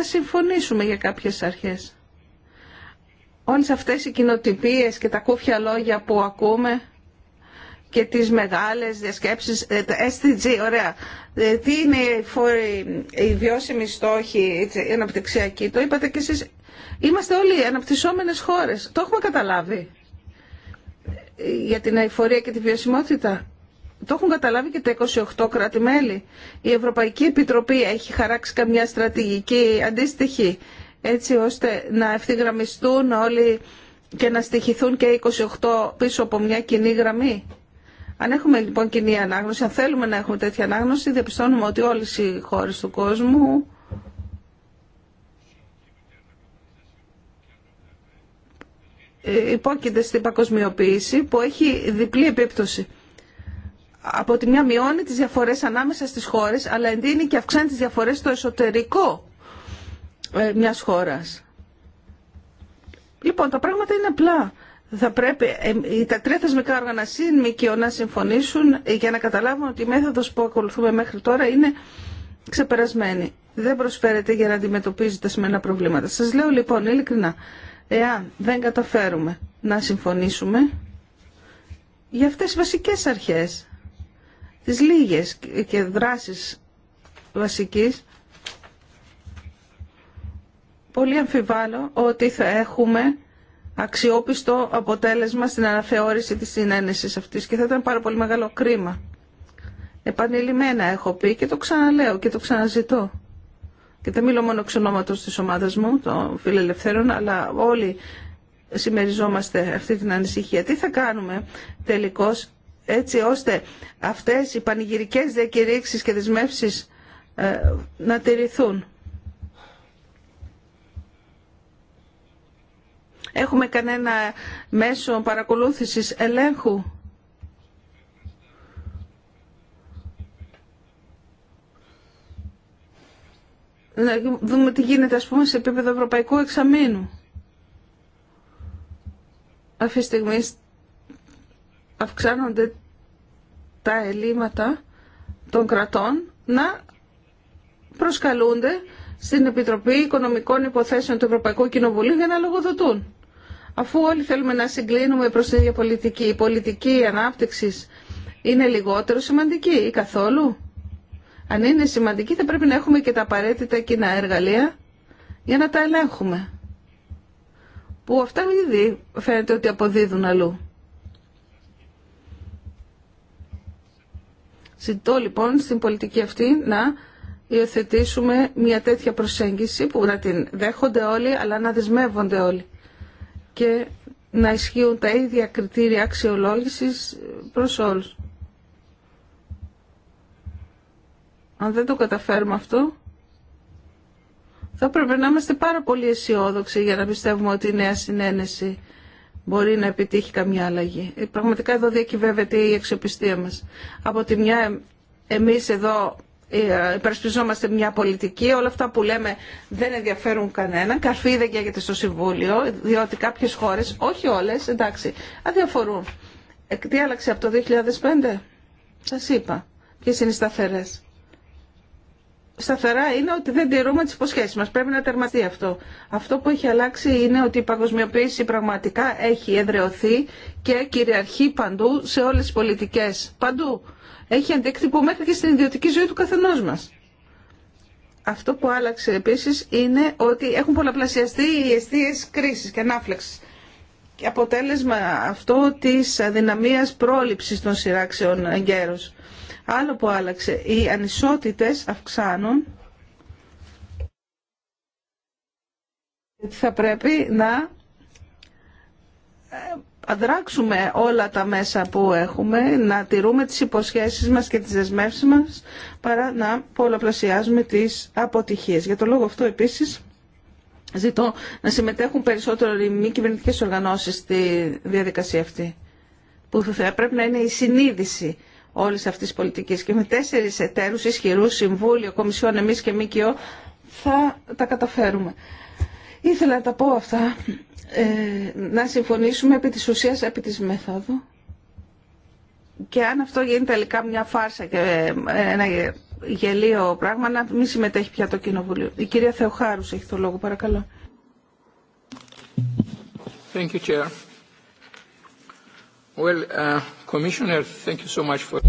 θα συμφωνήσουμε για κάποιες αρχές. Όλες αυτές οι κοινοτυπίες και τα κούφια λόγια που ακούμε και τις μεγάλες διασκέψεις, ε, τα SDG, ωραία. Ε, τι είναι η βιώσιμη στόχη, η αναπτυξιακή, το είπατε κι εσείς. Είμαστε όλοι αναπτυσσόμενες χώρες, το έχουμε καταλάβει ε, για την αηφορία και τη βιωσιμότητα. Το έχουν καταλάβει και τα 28 κράτη-μέλη. Η Ευρωπαϊκή Επιτροπή έχει χαράξει καμιά στρατηγική αντίστοιχη, έτσι ώστε να ευθυγραμμιστούν όλοι και να στοιχηθούν και 28 πίσω από μια κοινή γραμμή. Αν έχουμε λοιπόν κοινή ανάγνωση, αν θέλουμε να έχουμε τέτοια ανάγνωση, διαπιστώνουμε ότι όλες οι χώρες του κόσμου υπόκειται στην παγκοσμιοποίηση που έχει διπλή επίπτωση από τη μια μειώνει τις διαφορές ανάμεσα στις χώρες, αλλά εντείνει και αυξάνει τις διαφορές στο εσωτερικό ε, μιας χώρας. Λοιπόν, τα πράγματα είναι απλά. Θα πρέπει ε, τα τρία θεσμικά όργανα και να συμφωνήσουν για να καταλάβουν ότι η μέθοδος που ακολουθούμε μέχρι τώρα είναι ξεπερασμένη. Δεν προσφέρεται για να αντιμετωπίζει τα σημαίνα προβλήματα. Σας λέω λοιπόν ειλικρινά, εάν δεν καταφέρουμε να συμφωνήσουμε για αυτές τις βασικές αρχές τις λίγες και δράσεις βασικής, πολύ αμφιβάλλω ότι θα έχουμε αξιόπιστο αποτέλεσμα στην αναθεώρηση της συνένεσης αυτής και θα ήταν πάρα πολύ μεγάλο κρίμα. Επανειλημμένα έχω πει και το ξαναλέω και το ξαναζητώ. Και δεν μιλώ μόνο εξ ονόματος της ομάδας μου, των φιλελευθέρων, αλλά όλοι συμμεριζόμαστε αυτή την ανησυχία. Τι θα κάνουμε τελικώς έτσι ώστε αυτές οι πανηγυρικές διακηρύξεις και δεσμεύσεις ε, να τηρηθούν. Έχουμε κανένα μέσο παρακολούθησης ελέγχου. Να δούμε τι γίνεται ας πούμε σε επίπεδο ευρωπαϊκού εξαμήνου. Αυτή αυξάνονται τα ελλείμματα των κρατών να προσκαλούνται στην Επιτροπή Οικονομικών Υποθέσεων του Ευρωπαϊκού Κοινοβουλίου για να λογοδοτούν. Αφού όλοι θέλουμε να συγκλίνουμε προς την ίδια πολιτική, η πολιτική ανάπτυξης είναι λιγότερο σημαντική ή καθόλου. Αν είναι σημαντική θα πρέπει να έχουμε και τα απαραίτητα κοινά εργαλεία για να τα ελέγχουμε. Που αυτά ήδη φαίνεται ότι αποδίδουν αλλού. Ζητώ λοιπόν στην πολιτική αυτή να υιοθετήσουμε μια τέτοια προσέγγιση που να την δέχονται όλοι αλλά να δεσμεύονται όλοι και να ισχύουν τα ίδια κριτήρια αξιολόγησης προς όλους. Αν δεν το καταφέρουμε αυτό, θα πρέπει να είμαστε πάρα πολύ αισιόδοξοι για να πιστεύουμε ότι η νέα συνένεση μπορεί να επιτύχει καμιά αλλαγή. Ε, πραγματικά εδώ διακυβεύεται η αξιοπιστία μας. Από τη μια εμείς εδώ ε, υπερασπιζόμαστε μια πολιτική, όλα αυτά που λέμε δεν ενδιαφέρουν κανέναν, καρφί δεν καίγεται στο Συμβούλιο, διότι κάποιες χώρες, όχι όλες, εντάξει, αδιαφορούν. Ε, τι άλλαξε από το 2005, Σα είπα, ποιες είναι οι σταθερές σταθερά είναι ότι δεν τηρούμε τι υποσχέσει μα. Πρέπει να τερματεί αυτό. Αυτό που έχει αλλάξει είναι ότι η παγκοσμιοποίηση πραγματικά έχει εδρεωθεί και κυριαρχεί παντού σε όλε τις πολιτικές. Παντού. Έχει αντίκτυπο μέχρι και στην ιδιωτική ζωή του καθενό μα. Αυτό που άλλαξε επίση είναι ότι έχουν πολλαπλασιαστεί οι αιστείε κρίση και ανάφλεξη. Και αποτέλεσμα αυτό τη αδυναμίας πρόληψη των σειράξεων γέρου. Άλλο που άλλαξε, οι ανισότητες αυξάνουν. Θα πρέπει να ε, αδράξουμε όλα τα μέσα που έχουμε, να τηρούμε τις υποσχέσεις μας και τις δεσμεύσεις μας, παρά να πολλαπλασιάζουμε τις αποτυχίες. Για το λόγο αυτό επίσης ζητώ να συμμετέχουν περισσότερο οι μη κυβερνητικέ οργανώσεις στη διαδικασία αυτή, που θα πρέπει να είναι η συνείδηση όλης αυτής της πολιτική Και με τέσσερι εταίρους ισχυρού, Συμβούλιο, Κομισιόν, εμείς και ΜΚΟ, θα τα καταφέρουμε. Ήθελα να τα πω αυτά, ε, να συμφωνήσουμε επί της ουσίας, επί της μέθοδου. Και αν αυτό γίνει τελικά μια φάρσα και ε, ένα γελίο πράγμα, να μην συμμετέχει πια το Κοινοβούλιο. Η κυρία Θεοχάρους έχει το λόγο, παρακαλώ. Thank you, Chair. Well, Commissioner, thank you so much for...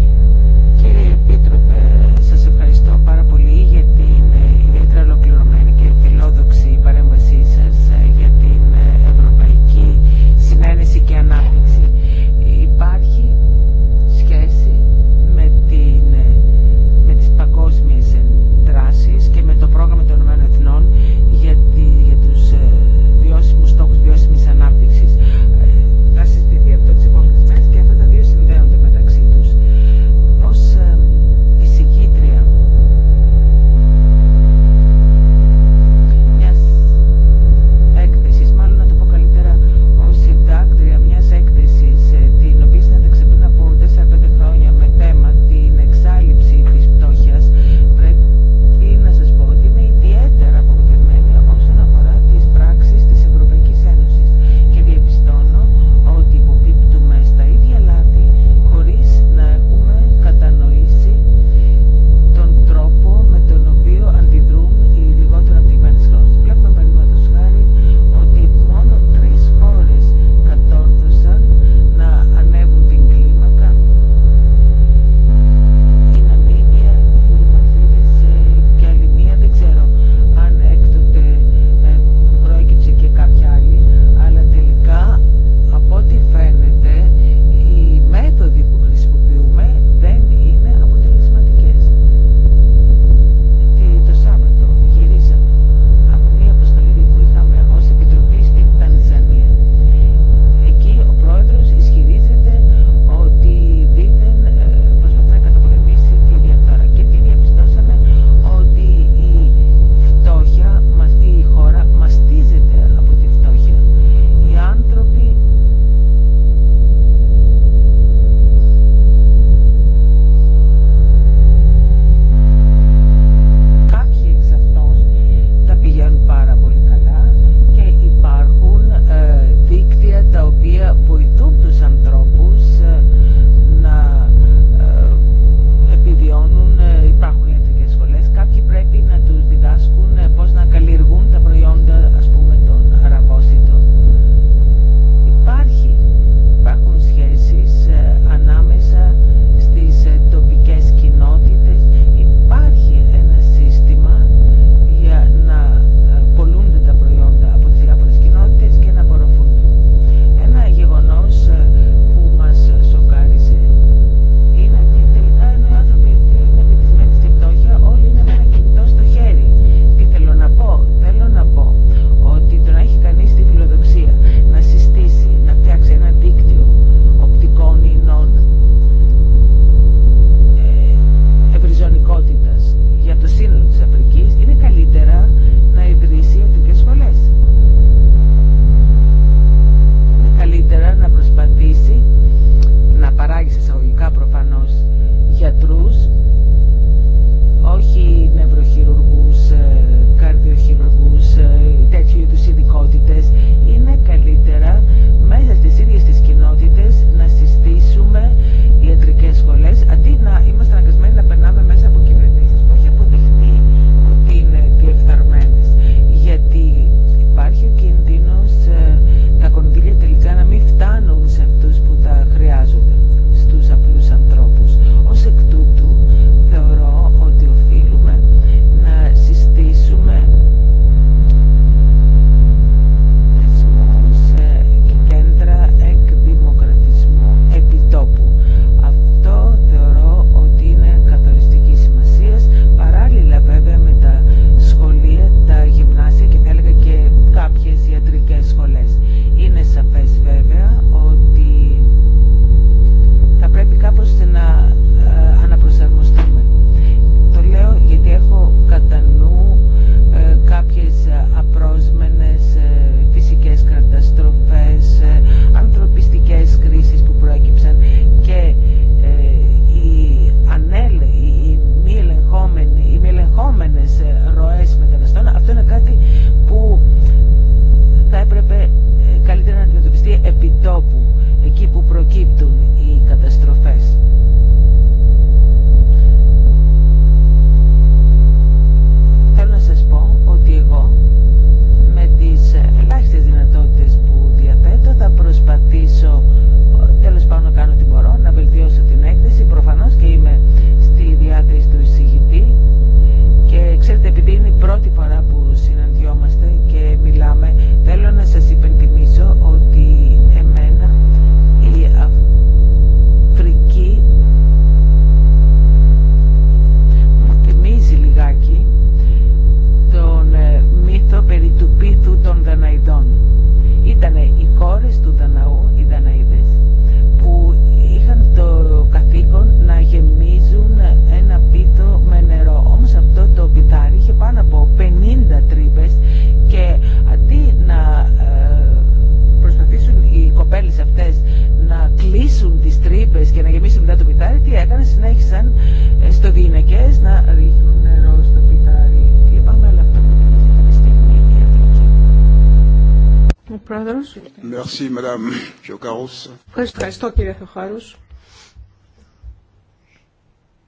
Ευχαριστώ κύριε Θεοχάρους.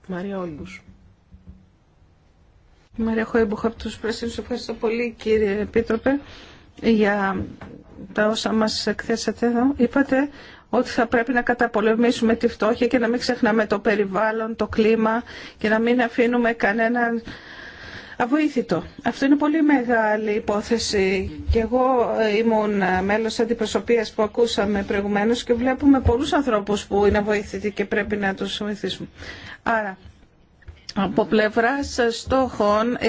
Μαρία Όλμπους. Μαρία Χοέμπουχα από τους Πρέσινους. Ευχαριστώ πολύ κύριε Επίτροπε για τα όσα μας εκθέσατε εδώ. Είπατε ότι θα πρέπει να καταπολεμήσουμε τη φτώχεια και να μην ξεχνάμε το περιβάλλον, το κλίμα και να μην αφήνουμε κανέναν αβοήθητο. Αυτό είναι πολύ μεγάλη υπόθεση και εγώ ήμουν μέλος αντιπροσωπείας που ακούσαμε προηγουμένως και βλέπουμε πολλούς ανθρώπους που είναι αβοήθητοι και πρέπει να τους βοηθήσουμε. Άρα από πλευρά στόχων ε,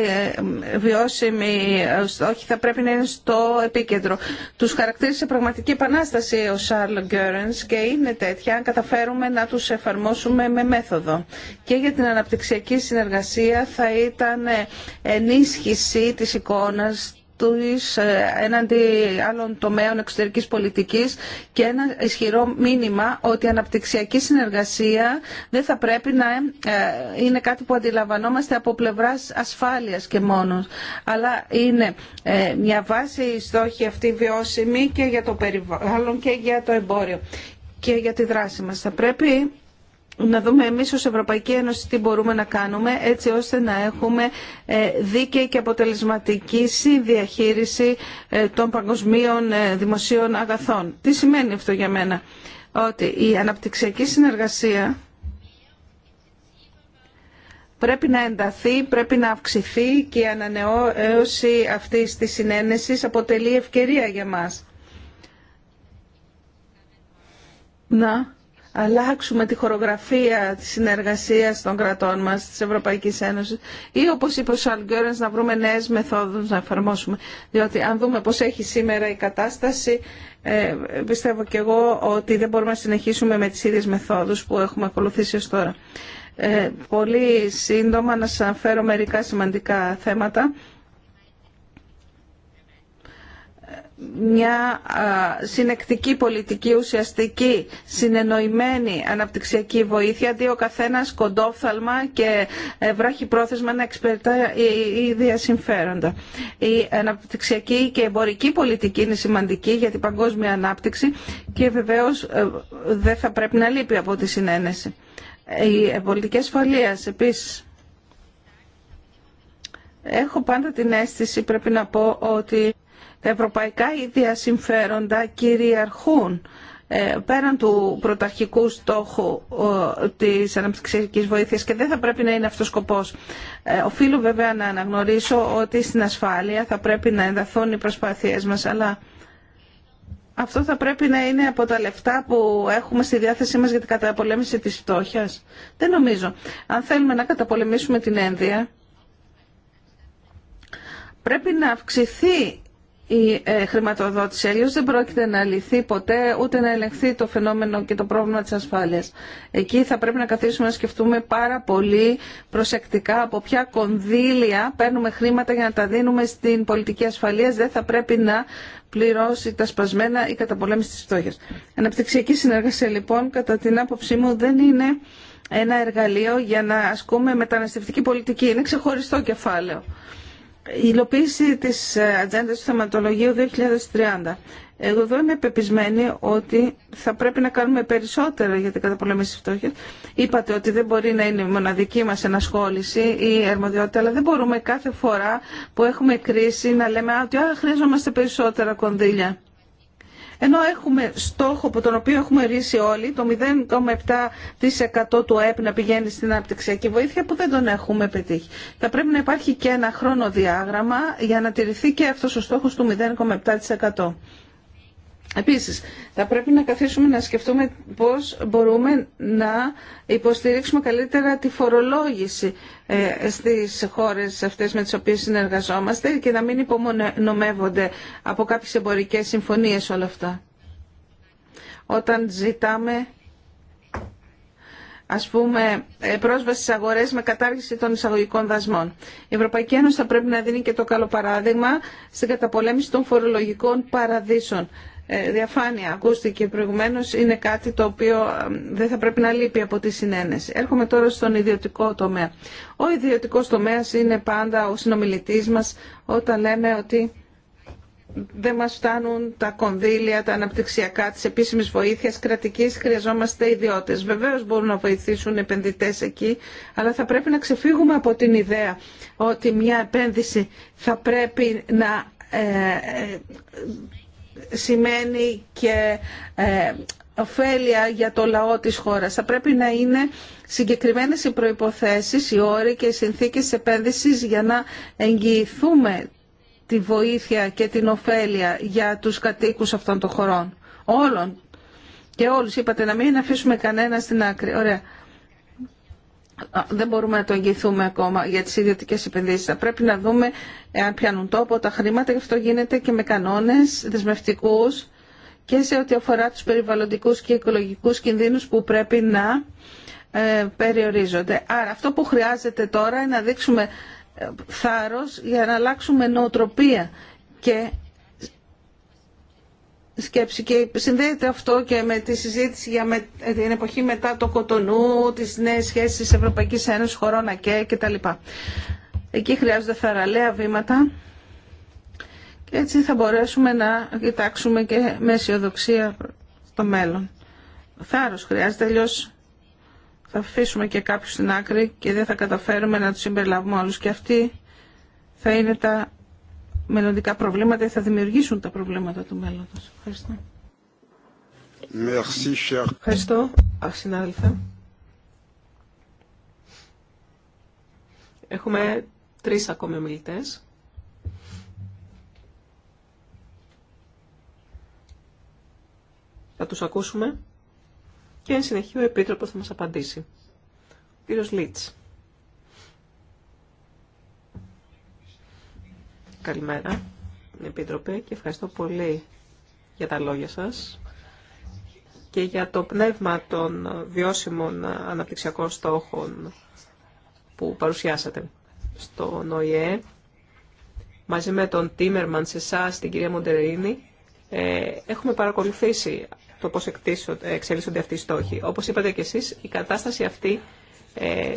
βιώσιμοι ε, στόχοι θα πρέπει να είναι στο επίκεντρο. Τους χαρακτήρισε πραγματική επανάσταση ο Σάρλ Γκέρενς και είναι τέτοια αν καταφέρουμε να του εφαρμόσουμε με μέθοδο. Και για την αναπτυξιακή συνεργασία θα ήταν ενίσχυση τη εικόνα τους ε, έναντι άλλων τομέων εξωτερικής πολιτικής και ένα ισχυρό μήνυμα ότι η αναπτυξιακή συνεργασία δεν θα πρέπει να ε, είναι κάτι που αντιλαμβανόμαστε από πλευράς ασφάλειας και μόνος, αλλά είναι ε, μια βάση η στόχη αυτή βιώσιμη και για το περιβάλλον και για το εμπόριο και για τη δράση μας. Θα πρέπει να δούμε εμείς ως Ευρωπαϊκή Ένωση τι μπορούμε να κάνουμε έτσι ώστε να έχουμε ε, δίκαιη και αποτελεσματική συνδιαχείριση ε, των παγκοσμίων ε, δημοσίων αγαθών. Τι σημαίνει αυτό για μένα. Ότι η αναπτυξιακή συνεργασία πρέπει να ενταθεί, πρέπει να αυξηθεί και η ανανεώση αυτής της συνένεσης αποτελεί ευκαιρία για μας αλλάξουμε τη χορογραφία της συνεργασίας των κρατών μας, της Ευρωπαϊκής Ένωσης ή όπως είπε ο Σαλγκέρενς να βρούμε νέες μεθόδους να εφαρμόσουμε. Διότι αν δούμε πώς έχει σήμερα η κατάσταση, ε, πιστεύω και εγώ ότι να βρουμε νεες μεθοδους να εφαρμοσουμε διοτι αν δουμε πως εχει σημερα η κατασταση πιστευω και εγω οτι δεν μπορουμε να συνεχισουμε με τις ίδιες μεθόδους που έχουμε ακολουθήσει ως τώρα. Ε, πολύ σύντομα να σας αναφέρω μερικά σημαντικά θέματα μια συνεκτική πολιτική, ουσιαστική, συνενοημένη αναπτυξιακή βοήθεια, αντί ο καθένας κοντόφθαλμα και ε, βράχει πρόθεσμα να εξυπηρετάει οι ίδια συμφέροντα. Η αναπτυξιακή και εμπορική πολιτική είναι σημαντική για την παγκόσμια ανάπτυξη και βεβαίως ε, δεν θα πρέπει να λείπει από τη συνένεση. Η πολιτική ασφαλεία επίσης. Έχω πάντα την αίσθηση, πρέπει να πω, ότι τα ευρωπαϊκά ίδια συμφέροντα κυριαρχούν ε, πέραν του πρωταρχικού στόχου της αναπτυξιακής βοήθειας και δεν θα πρέπει να είναι αυτός ο σκοπός. Ε, οφείλω βέβαια να αναγνωρίσω ότι στην ασφάλεια θα πρέπει να ενδαθούν οι προσπάθειές μας, αλλά αυτό θα πρέπει να είναι από τα λεφτά που έχουμε στη διάθεσή μας για την καταπολέμηση της φτώχειας. Δεν νομίζω. Αν θέλουμε να καταπολεμήσουμε την ένδυα, πρέπει να αυξηθεί η ε, χρηματοδότηση. Αλλιώ δεν πρόκειται να λυθεί ποτέ ούτε να ελεγχθεί το φαινόμενο και το πρόβλημα τη ασφάλεια. Εκεί θα πρέπει να καθίσουμε να σκεφτούμε πάρα πολύ προσεκτικά από ποια κονδύλια παίρνουμε χρήματα για να τα δίνουμε στην πολιτική ασφαλείας. Δεν θα πρέπει να πληρώσει τα σπασμένα ή καταπολέμηση τη φτώχεια. Αναπτυξιακή συνεργασία λοιπόν κατά την άποψή μου δεν είναι ένα εργαλείο για να ασκούμε μεταναστευτική πολιτική. Είναι ξεχωριστό κεφάλαιο. Η υλοποίηση της ατζέντας του θεματολογίου 2030. Εγώ εδώ είμαι πεπισμένη ότι θα πρέπει να κάνουμε περισσότερα για την καταπολέμηση της φτώχειας. Είπατε ότι δεν μπορεί να είναι μοναδική μας ενασχόληση ή ερμοδιότητα, αλλά δεν μπορούμε κάθε φορά που έχουμε κρίση να λέμε ότι χρειαζόμαστε περισσότερα κονδύλια. Ενώ έχουμε στόχο από τον οποίο έχουμε ρίσει όλοι, το 0,7% του ΑΕΠ να πηγαίνει στην αναπτυξιακή βοήθεια που δεν τον έχουμε πετύχει. Θα πρέπει να υπάρχει και ένα χρόνο διάγραμμα για να τηρηθεί και αυτός ο στόχος του 0,7%. Επίσης, θα πρέπει να καθίσουμε να σκεφτούμε πώς μπορούμε να υποστηρίξουμε καλύτερα τη φορολόγηση ε, στις χώρες αυτές με τις οποίες συνεργαζόμαστε και να μην υπομονωμεύονται από κάποιες εμπορικές συμφωνίες όλα αυτά. Όταν ζητάμε ας πούμε, ε, πρόσβαση στις αγορές με κατάργηση των εισαγωγικών δασμών. Η Ευρωπαϊκή Ένωση θα πρέπει να δίνει και το καλό παράδειγμα στην καταπολέμηση των φορολογικών παραδείσων. Ε, διαφάνεια ακούστηκε προηγουμένως είναι κάτι το οποίο ε, δεν θα πρέπει να λείπει από τη συνένεση. Έρχομαι τώρα στον ιδιωτικό τομέα. Ο ιδιωτικός τομέας είναι πάντα ο συνομιλητής μας όταν λέμε ότι δεν μας φτάνουν τα κονδύλια, τα αναπτυξιακά της επίσημης βοήθειας κρατικής, χρειαζόμαστε ιδιώτες. Βεβαίως μπορούν να βοηθήσουν επενδυτές εκεί, αλλά θα πρέπει να ξεφύγουμε από την ιδέα ότι μια επένδυση θα πρέπει να ε, σημαίνει και ε, ωφέλεια για το λαό της χώρας. Θα πρέπει να είναι συγκεκριμένες οι προϋποθέσεις, οι όροι και οι συνθήκες επένδυσης για να εγγυηθούμε τη βοήθεια και την ωφέλεια για τους κατοίκους αυτών των χωρών. Όλων. Και όλους είπατε να μην αφήσουμε κανένα στην άκρη. Ωραία δεν μπορούμε να το εγγυηθούμε ακόμα για τις ιδιωτικές επενδύσεις. Θα πρέπει να δούμε αν πιάνουν τόπο τα χρήματα και αυτό γίνεται και με κανόνες δεσμευτικούς και σε ό,τι αφορά τους περιβαλλοντικούς και οικολογικούς κινδύνους που πρέπει να ε, περιορίζονται. Άρα αυτό που χρειάζεται τώρα είναι να δείξουμε ε, θάρρος για να αλλάξουμε νοοτροπία και σκέψη και συνδέεται αυτό και με τη συζήτηση για με, την εποχή μετά το Κοτονού, τις νέες σχέσεις Ευρωπαϊκής Ένωσης, χωρών ΑΚΕ κτλ. Εκεί χρειάζονται θαραλέα βήματα και έτσι θα μπορέσουμε να κοιτάξουμε και με αισιοδοξία στο μέλλον. Θάρρος χρειάζεται, αλλιώ θα αφήσουμε και κάποιους στην άκρη και δεν θα καταφέρουμε να τους συμπεριλάβουμε όλους και αυτοί θα είναι τα μελλοντικά προβλήματα ή θα δημιουργήσουν τα προβλήματα του μέλλοντος. Ευχαριστώ. Merci, cher. Ευχαριστώ, Έχουμε τρεις ακόμη ομιλητές. Θα τους ακούσουμε και εν συνεχεία ο Επίτροπος θα μας απαντήσει. Ο κύριος Λίτς. Καλημέρα, Επίτροπε, και ευχαριστώ πολύ για τα λόγια σας και για το πνεύμα των βιώσιμων αναπτυξιακών στόχων που παρουσιάσατε στο ΝΟΙΕ. μαζί με τον Τίμερμαν, σε εσά, την κυρία Μοντερίνη, ε, έχουμε παρακολουθήσει το πώς εξελίσσονται αυτοί οι στόχοι. Όπως είπατε και εσείς, η κατάσταση αυτή ε,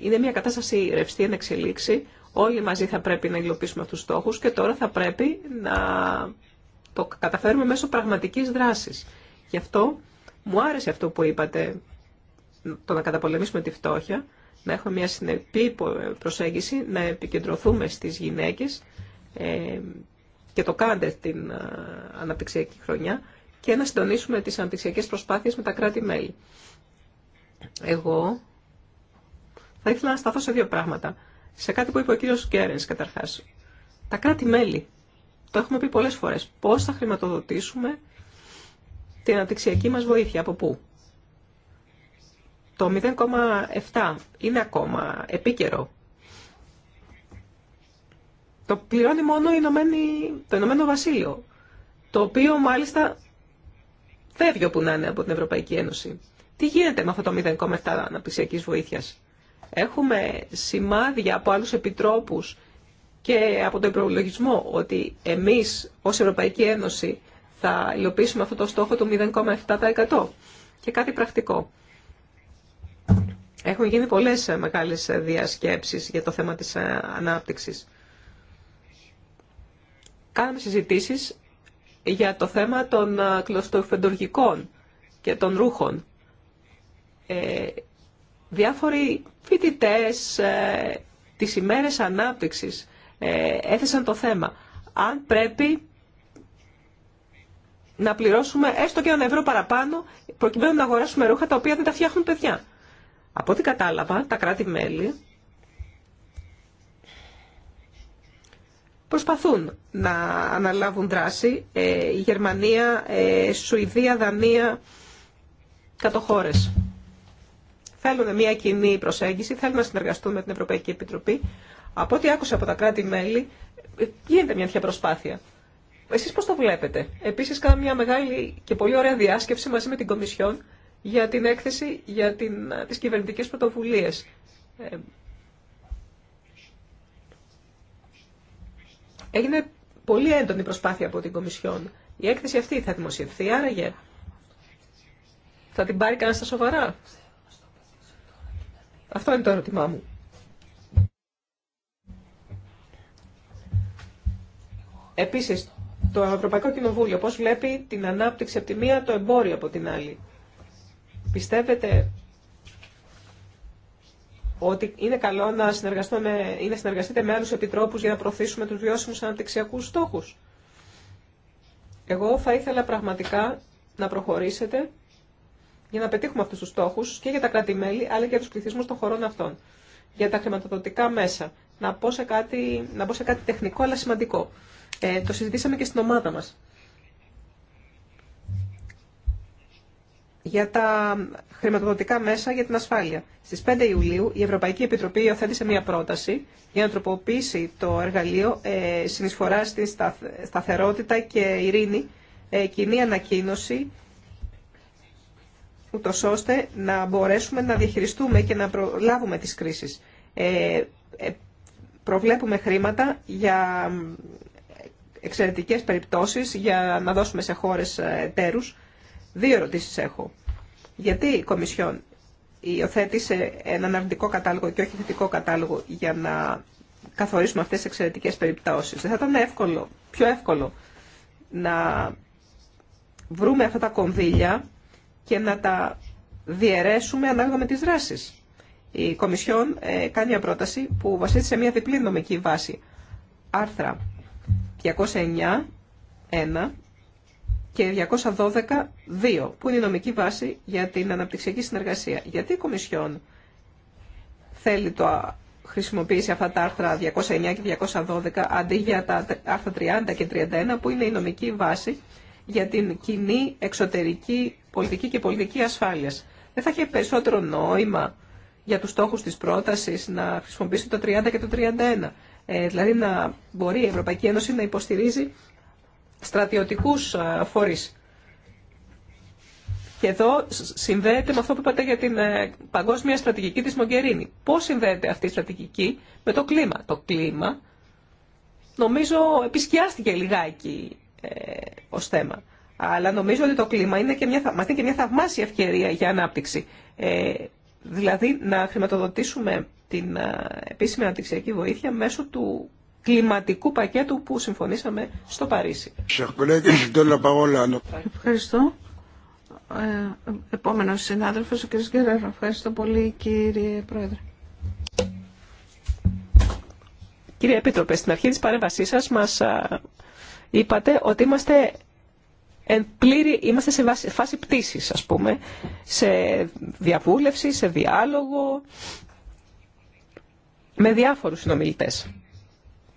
είναι μια κατάσταση ρευστή εν εξελίξη, Όλοι μαζί θα πρέπει να υλοποιήσουμε αυτούς τους στόχους και τώρα θα πρέπει να το καταφέρουμε μέσω πραγματικής δράσης. Γι' αυτό μου άρεσε αυτό που είπατε, το να καταπολεμήσουμε τη φτώχεια, να έχουμε μια συνεπή προσέγγιση, να επικεντρωθούμε στις γυναίκες ε, και το κάντε την ε, αναπτυξιακή χρονιά και να συντονίσουμε τις αναπτυξιακές προσπάθειες με τα κράτη-μέλη. Εγώ θα ήθελα να σταθώ σε δύο πράγματα σε κάτι που είπε ο κύριος Γκέρενς καταρχάς. Τα κράτη-μέλη, το έχουμε πει πολλές φορές, πώς θα χρηματοδοτήσουμε την αναπτυξιακή μας βοήθεια, από πού. Το 0,7 είναι ακόμα επίκαιρο. Το πληρώνει μόνο Ηνωμένη, το Ηνωμένο Βασίλειο, το οποίο μάλιστα φεύγει όπου να είναι από την Ευρωπαϊκή Ένωση. Τι γίνεται με αυτό το 0,7 αναπτυξιακής βοήθειας. Έχουμε σημάδια από άλλους επιτρόπους και από τον προλογισμό ότι εμείς ως Ευρωπαϊκή Ένωση θα υλοποιήσουμε αυτό το στόχο του 0,7%. Και κάτι πρακτικό. Έχουν γίνει πολλές μεγάλες διασκέψεις για το θέμα της ανάπτυξης. Κάναμε συζητήσεις για το θέμα των κλωστοφεντουργικών και των ρούχων. Ε, διάφοροι φοιτητέ ε, τις ημέρες ανάπτυξης ε, έθεσαν το θέμα. Αν πρέπει να πληρώσουμε έστω και ένα ευρώ παραπάνω προκειμένου να αγοράσουμε ρούχα τα οποία δεν τα φτιάχνουν παιδιά. Από ό,τι κατάλαβα, τα κράτη-μέλη προσπαθούν να αναλάβουν δράση. Ε, η Γερμανία, ε, Σουηδία, Δανία, κατοχώρες θέλουν μια κοινή προσέγγιση, θέλουν να συνεργαστούν με την Ευρωπαϊκή Επιτροπή. Από ό,τι άκουσα από τα κράτη-μέλη, γίνεται μια τέτοια προσπάθεια. Εσείς πώς το βλέπετε. Επίση κάναμε μια μεγάλη και πολύ ωραία διάσκεψη μαζί με την Κομισιόν για την έκθεση για τι κυβερνητικέ πρωτοβουλίε. Ε, έγινε πολύ έντονη προσπάθεια από την Κομισιόν. Η έκθεση αυτή θα δημοσιευθεί, άραγε θα την πάρει κανένα στα σοβαρά. Αυτό είναι το ερώτημά μου. Επίσης, το Ευρωπαϊκό Κοινοβούλιο πώς βλέπει την ανάπτυξη από τη μία, το εμπόριο από την άλλη. Πιστεύετε ότι είναι καλό να, συνεργαστούμε, ή συνεργαστείτε με άλλους επιτρόπους για να προωθήσουμε τους βιώσιμους αναπτυξιακούς στόχους. Εγώ θα ήθελα πραγματικά να προχωρήσετε για να πετύχουμε αυτού του στόχου και για τα κράτη-μέλη αλλά και για του πληθυσμού των χωρών αυτών. Για τα χρηματοδοτικά μέσα. Να πω σε κάτι, να πω σε κάτι τεχνικό αλλά σημαντικό. Ε, το συζητήσαμε και στην ομάδα μα. για τα χρηματοδοτικά μέσα για την ασφάλεια. Στι 5 Ιουλίου η Ευρωπαϊκή Επιτροπή υιοθέτησε μία πρόταση για να τροποποιήσει το εργαλείο ε, συνεισφορά στην σταθερότητα και ειρήνη, ε, κοινή ανακοίνωση ούτω ώστε να μπορέσουμε να διαχειριστούμε και να προλάβουμε τις κρίσεις. Ε, ε προβλέπουμε χρήματα για εξαιρετικές περιπτώσεις για να δώσουμε σε χώρες ε, εταίρους. Δύο ερωτήσεις έχω. Γιατί η Κομισιόν υιοθέτησε έναν αρνητικό κατάλογο και όχι θετικό κατάλογο για να καθορίσουμε αυτές τις εξαιρετικές περιπτώσεις. Δεν θα ήταν εύκολο, πιο εύκολο να βρούμε αυτά τα κονδύλια και να τα διαιρέσουμε ανάλογα με τις δράσεις. Η Κομισιόν ε, κάνει μια πρόταση που βασίζεται σε μια διπλή νομική βάση. Άρθρα 209.1 και 212.2 που είναι η νομική βάση για την αναπτυξιακή συνεργασία. Γιατί η Κομισιόν θέλει το χρησιμοποιήσει αυτά τα άρθρα 209 και 212 αντί για τα άρθρα 30 και 31 που είναι η νομική βάση για την κοινή εξωτερική πολιτική και πολιτική ασφάλειας. Δεν θα είχε περισσότερο νόημα για τους στόχους της πρότασης να χρησιμοποιήσει το 30 και το 31. Ε, δηλαδή να μπορεί η Ευρωπαϊκή Ένωση να υποστηρίζει στρατιωτικούς φορείς. Και εδώ συνδέεται με αυτό που είπατε για την ε, παγκόσμια στρατηγική της Μογκερίνη. Πώς συνδέεται αυτή η στρατηγική με το κλίμα. Το κλίμα νομίζω επισκιάστηκε λιγάκι ε, ω θέμα. Αλλά νομίζω ότι το κλίμα είναι και μια, μας είναι και μια θαυμάσια ευκαιρία για ανάπτυξη. Ε, δηλαδή να χρηματοδοτήσουμε την ε, επίσημη αναπτυξιακή βοήθεια μέσω του κλιματικού πακέτου που συμφωνήσαμε στο Παρίσι. Ευχαριστώ. Ε, επόμενος συνάδελφος, ο κ. Γκερέρο. Ευχαριστώ πολύ κύριε Πρόεδρε. Κύριε Επίτροπε, στην αρχή της παρέμβασής σας μας είπατε ότι είμαστε, εν πλήρη, είμαστε σε φάση πτήσης, ας πούμε, σε διαβούλευση, σε διάλογο, με διάφορους συνομιλητές,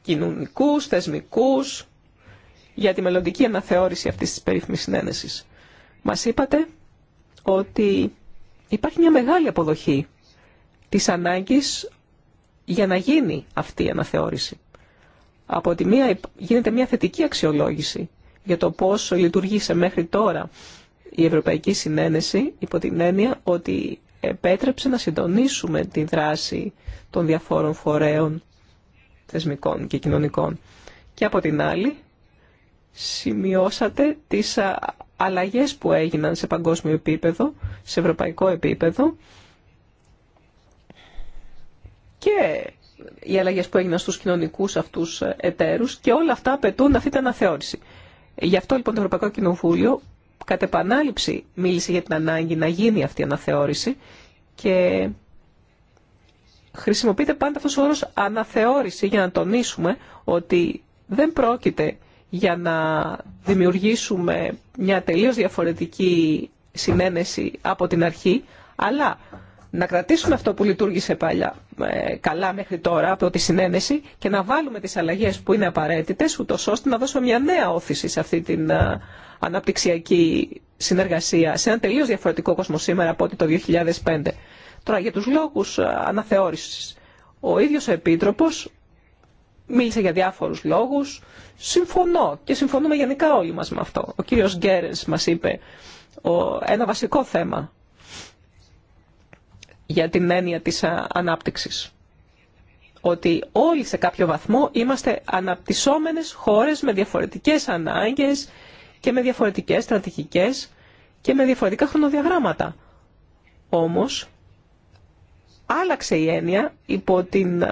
κοινωνικούς, θεσμικούς, για τη μελλοντική αναθεώρηση αυτής της περίφημης συνένεσης. Μας είπατε ότι υπάρχει μια μεγάλη αποδοχή της ανάγκης για να γίνει αυτή η αναθεώρηση. Από τη μία γίνεται μια θετική αξιολόγηση για το πόσο λειτουργήσε μέχρι τώρα η Ευρωπαϊκή Συνένεση υπό την έννοια ότι επέτρεψε να συντονίσουμε τη δράση των διαφόρων φορέων θεσμικών και κοινωνικών. Και από την άλλη σημειώσατε τις αλλαγές που έγιναν σε παγκόσμιο επίπεδο, σε ευρωπαϊκό επίπεδο και οι αλλαγές που έγιναν στους κοινωνικούς αυτούς εταίρους και όλα αυτά απαιτούν αυτή την αναθεώρηση. Γι' αυτό λοιπόν το Ευρωπαϊκό Κοινοβούλιο κατ' επανάληψη μίλησε για την ανάγκη να γίνει αυτή η αναθεώρηση και χρησιμοποιείται πάντα αυτός ο όρος αναθεώρηση για να τονίσουμε ότι δεν πρόκειται για να δημιουργήσουμε μια τελείως διαφορετική συνένεση από την αρχή, αλλά να κρατήσουμε αυτό που λειτουργήσε παλιά, ε, καλά μέχρι τώρα από τη συνένεση και να βάλουμε τις αλλαγές που είναι απαραίτητες ούτως ώστε να δώσουμε μια νέα όθηση σε αυτή την ε, αναπτυξιακή συνεργασία σε ένα τελείως διαφορετικό κόσμο σήμερα από ότι το 2005. Τώρα για τους λόγους ε, αναθεώρησης. Ο ίδιος ο Επίτροπος μίλησε για διάφορους λόγους. Συμφωνώ και συμφωνούμε γενικά όλοι μας με αυτό. Ο κύριος Γκέρες μας είπε ο, ένα βασικό θέμα για την έννοια της ανάπτυξης. Ότι όλοι σε κάποιο βαθμό είμαστε αναπτυσσόμενες χώρες με διαφορετικές ανάγκες και με διαφορετικές στρατηγικές και με διαφορετικά χρονοδιαγράμματα. Όμως, άλλαξε η έννοια υπό την,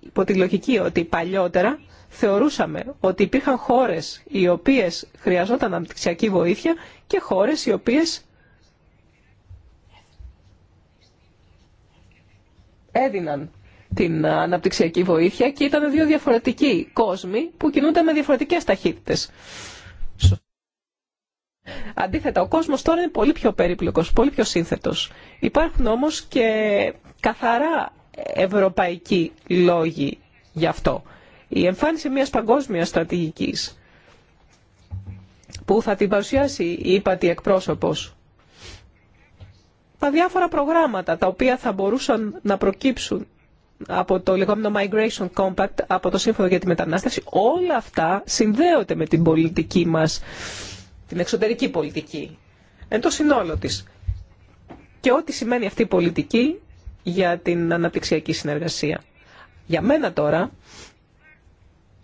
υπό τη λογική ότι παλιότερα θεωρούσαμε ότι υπήρχαν χώρες οι οποίες χρειαζόταν αναπτυξιακή βοήθεια και χώρες οι οποίες έδιναν την αναπτυξιακή βοήθεια και ήταν δύο διαφορετικοί κόσμοι που κινούνται με διαφορετικές ταχύτητες. Αντίθετα, ο κόσμος τώρα είναι πολύ πιο περίπλοκος, πολύ πιο σύνθετος. Υπάρχουν όμως και καθαρά ευρωπαϊκοί λόγοι γι' αυτό. Η εμφάνιση μιας παγκόσμιας στρατηγικής που θα την παρουσιάσει η ύπατη εκπρόσωπος τα διάφορα προγράμματα τα οποία θα μπορούσαν να προκύψουν από το λεγόμενο Migration Compact, από το Σύμφωνο για τη Μετανάστευση, όλα αυτά συνδέονται με την πολιτική μας, την εξωτερική πολιτική, εν το συνόλο της. Και ό,τι σημαίνει αυτή η πολιτική για την αναπτυξιακή συνεργασία. Για μένα τώρα,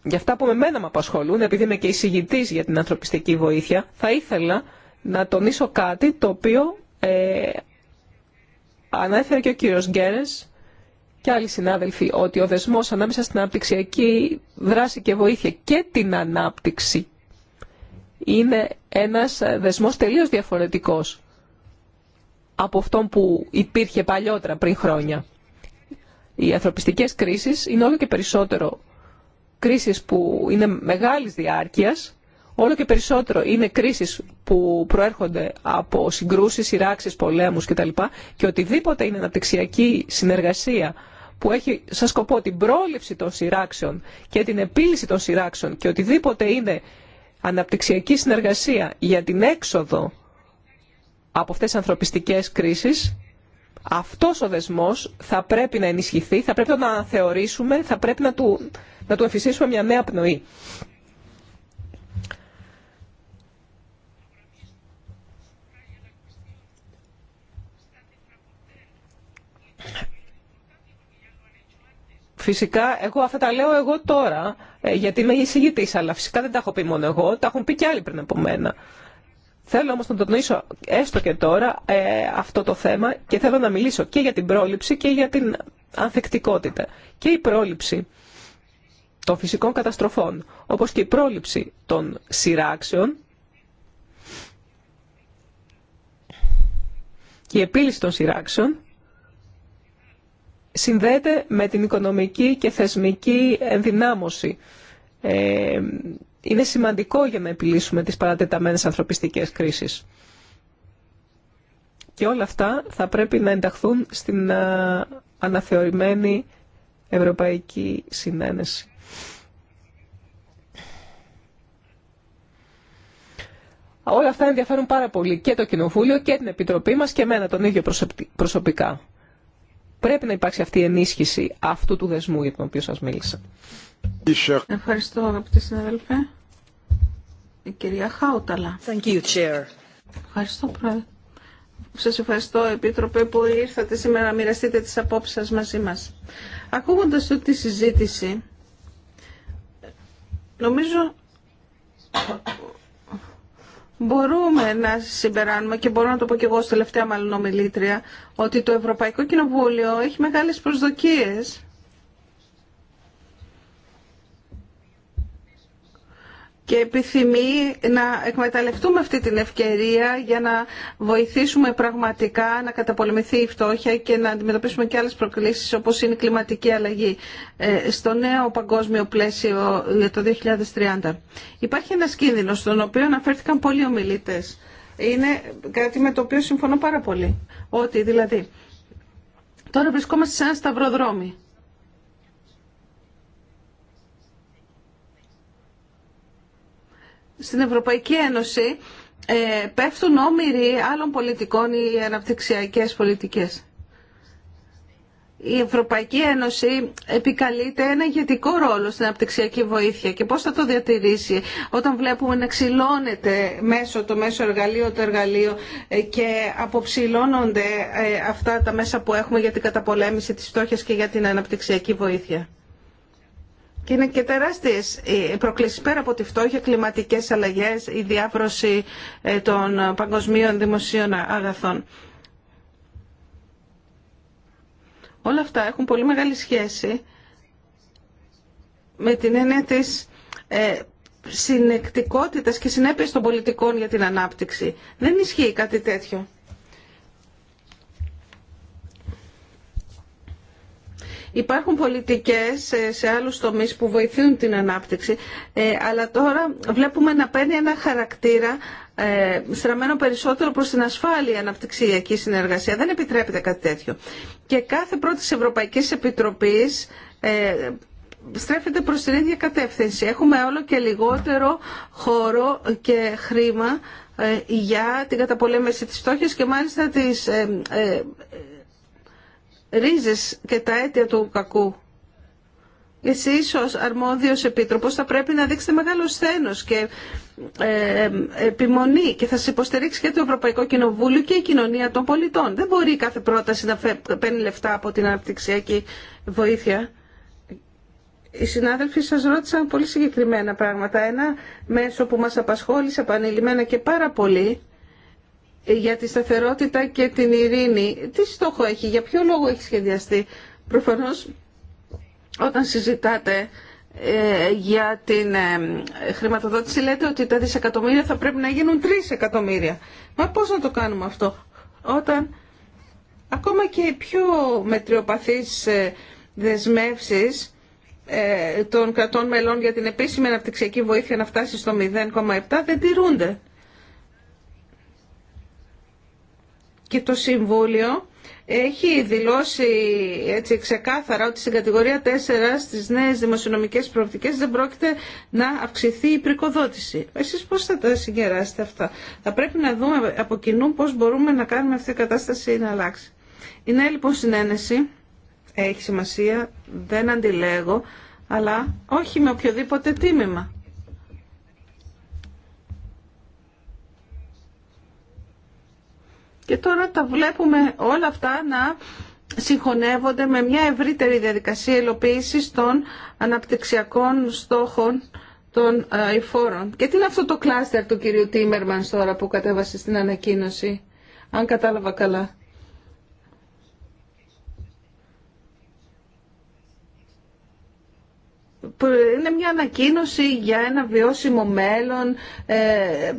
για αυτά που με μένα με απασχολούν, επειδή είμαι και εισηγητής για την ανθρωπιστική βοήθεια, θα ήθελα να τονίσω κάτι το οποίο ε, Ανέφερε και ο κύριο Γκέρες και άλλοι συνάδελφοι ότι ο δεσμός ανάμεσα στην αναπτυξιακή δράση και βοήθεια και την ανάπτυξη είναι ένας δεσμός τελείως διαφορετικός από αυτόν που υπήρχε παλιότερα πριν χρόνια. Οι ανθρωπιστικέ κρίσει είναι όλο και περισσότερο κρίσεις που είναι μεγάλης διάρκειας όλο και περισσότερο είναι κρίσει που προέρχονται από συγκρούσει, σειράξει, πολέμους κτλ. Και οτιδήποτε είναι αναπτυξιακή συνεργασία που έχει σαν σκοπό την πρόληψη των σειράξεων και την επίλυση των σειράξεων και οτιδήποτε είναι αναπτυξιακή συνεργασία για την έξοδο από αυτές τις ανθρωπιστικές κρίσεις, αυτός ο δεσμός θα πρέπει να ενισχυθεί, θα πρέπει να αναθεωρήσουμε, θα πρέπει να του, να του εμφυσίσουμε μια νέα πνοή. Φυσικά, εγώ αυτά τα λέω εγώ τώρα, ε, γιατί είμαι εισηγητή, αλλά φυσικά δεν τα έχω πει μόνο εγώ, τα έχουν πει και άλλοι πριν από μένα. Θέλω όμως να το τονίσω έστω και τώρα ε, αυτό το θέμα και θέλω να μιλήσω και για την πρόληψη και για την ανθεκτικότητα. Και η πρόληψη των φυσικών καταστροφών, όπως και η πρόληψη των σειράξεων, και η επίλυση των σειράξεων συνδέεται με την οικονομική και θεσμική ενδυνάμωση. Ε, είναι σημαντικό για να επιλύσουμε τις παρατεταμένες ανθρωπιστικές κρίσεις. Και όλα αυτά θα πρέπει να ενταχθούν στην αναθεωρημένη Ευρωπαϊκή Συνένεση. Όλα αυτά ενδιαφέρουν πάρα πολύ και το Κοινοβούλιο και την Επιτροπή μας και εμένα τον ίδιο προσωπικά πρέπει να υπάρξει αυτή η ενίσχυση αυτού του δεσμού για τον οποίο σας μίλησα. Ευχαριστώ αγαπητή συναδελφέ. Η κυρία Χάουταλα. Ευχαριστώ πρόεδρε. Σας ευχαριστώ Επίτροπε που ήρθατε σήμερα να μοιραστείτε τις απόψεις σας μαζί μας. Ακούγοντας τούτη τη συζήτηση, νομίζω μπορούμε να συμπεράνουμε και μπορώ να το πω και εγώ στη τελευταία μάλλον ομιλήτρια ότι το Ευρωπαϊκό Κοινοβούλιο έχει μεγάλες προσδοκίες και επιθυμεί να εκμεταλλευτούμε αυτή την ευκαιρία για να βοηθήσουμε πραγματικά να καταπολεμηθεί η φτώχεια και να αντιμετωπίσουμε και άλλες προκλήσεις όπως είναι η κλιματική αλλαγή ε, στο νέο παγκόσμιο πλαίσιο για το 2030. Υπάρχει ένας κίνδυνος στον οποίο αναφέρθηκαν πολλοί ομιλητέ. Είναι κάτι με το οποίο συμφωνώ πάρα πολύ. Ότι δηλαδή τώρα βρισκόμαστε σε ένα σταυροδρόμι στην Ευρωπαϊκή Ένωση ε, πέφτουν όμοιροι άλλων πολιτικών ή αναπτυξιακές πολιτικές. Η Ευρωπαϊκή Ένωση επικαλείται ένα ηγετικό ρόλο στην αναπτυξιακή βοήθεια και πώς θα το διατηρήσει όταν βλέπουμε να ξυλώνεται μέσω το μέσο εργαλείο το εργαλείο ε, και αποψηλώνονται ε, αυτά τα μέσα που έχουμε για την καταπολέμηση της φτώχειας και για την αναπτυξιακή βοήθεια. Και είναι και τεράστιες πέρα από τη φτώχεια, κλιματικέ αλλαγές, η διάβρωση ε, των παγκοσμίων δημοσίων αγαθών. Όλα αυτά έχουν πολύ μεγάλη σχέση με την έννοια της ε, συνεκτικότητας και συνέπειας των πολιτικών για την ανάπτυξη. Δεν ισχύει κάτι τέτοιο. Υπάρχουν πολιτικές ε, σε άλλους τομείς που βοηθούν την ανάπτυξη, ε, αλλά τώρα βλέπουμε να παίρνει ένα χαρακτήρα ε, στραμμένο περισσότερο προς την ασφάλεια αναπτυξιακή συνεργασία. Δεν επιτρέπεται κάτι τέτοιο. Και κάθε πρώτη Ευρωπαϊκής ε στρέφεται προς την ίδια κατεύθυνση. Έχουμε όλο και λιγότερο χώρο και χρήμα για την καταπολέμηση της φτώχειας και μάλιστα της ρίζες και τα αίτια του κακού. Εσείς ως αρμόδιος επίτροπος θα πρέπει να δείξετε μεγάλο σθένος και ε, επιμονή και θα σας υποστηρίξει και το Ευρωπαϊκό Κοινοβούλιο και η κοινωνία των πολιτών. Δεν μπορεί κάθε πρόταση να παίρνει λεφτά από την αναπτυξιακή βοήθεια. Οι συνάδελφοι σας ρώτησαν πολύ συγκεκριμένα πράγματα. Ένα μέσο που μας απασχόλησε επανειλημμένα και πάρα πολύ για τη σταθερότητα και την ειρήνη. Τι στόχο έχει, για ποιο λόγο έχει σχεδιαστεί. Προφανώς όταν συζητάτε ε, για την ε, χρηματοδότηση λέτε ότι τα δισεκατομμύρια θα πρέπει να γίνουν τρεις εκατομμύρια. Μα πώς να το κάνουμε αυτό όταν ακόμα και οι πιο μετριοπαθείς ε, δεσμεύσεις των κρατών μελών για την επίσημη αναπτυξιακή βοήθεια να φτάσει στο 0,7 δεν τηρούνται. και το Συμβούλιο έχει δηλώσει έτσι ξεκάθαρα ότι στην κατηγορία 4 στις νέες δημοσιονομικές προοπτικές δεν πρόκειται να αυξηθεί η πρικοδότηση. Εσείς πώς θα τα συγκεράσετε αυτά. Θα πρέπει να δούμε από κοινού πώς μπορούμε να κάνουμε αυτή η κατάσταση να αλλάξει. Η νέα λοιπόν συνένεση έχει σημασία, δεν αντιλέγω, αλλά όχι με οποιοδήποτε τίμημα. Και τώρα τα βλέπουμε όλα αυτά να συγχωνεύονται με μια ευρύτερη διαδικασία υλοποίηση των αναπτυξιακών στόχων των εφόρων. Και τι είναι αυτό το κλάστερ του κυρίου Τίμερμαν τώρα που κατέβασε στην ανακοίνωση, αν κατάλαβα καλά. Είναι μια ανακοίνωση για ένα βιώσιμο μέλλον, ε,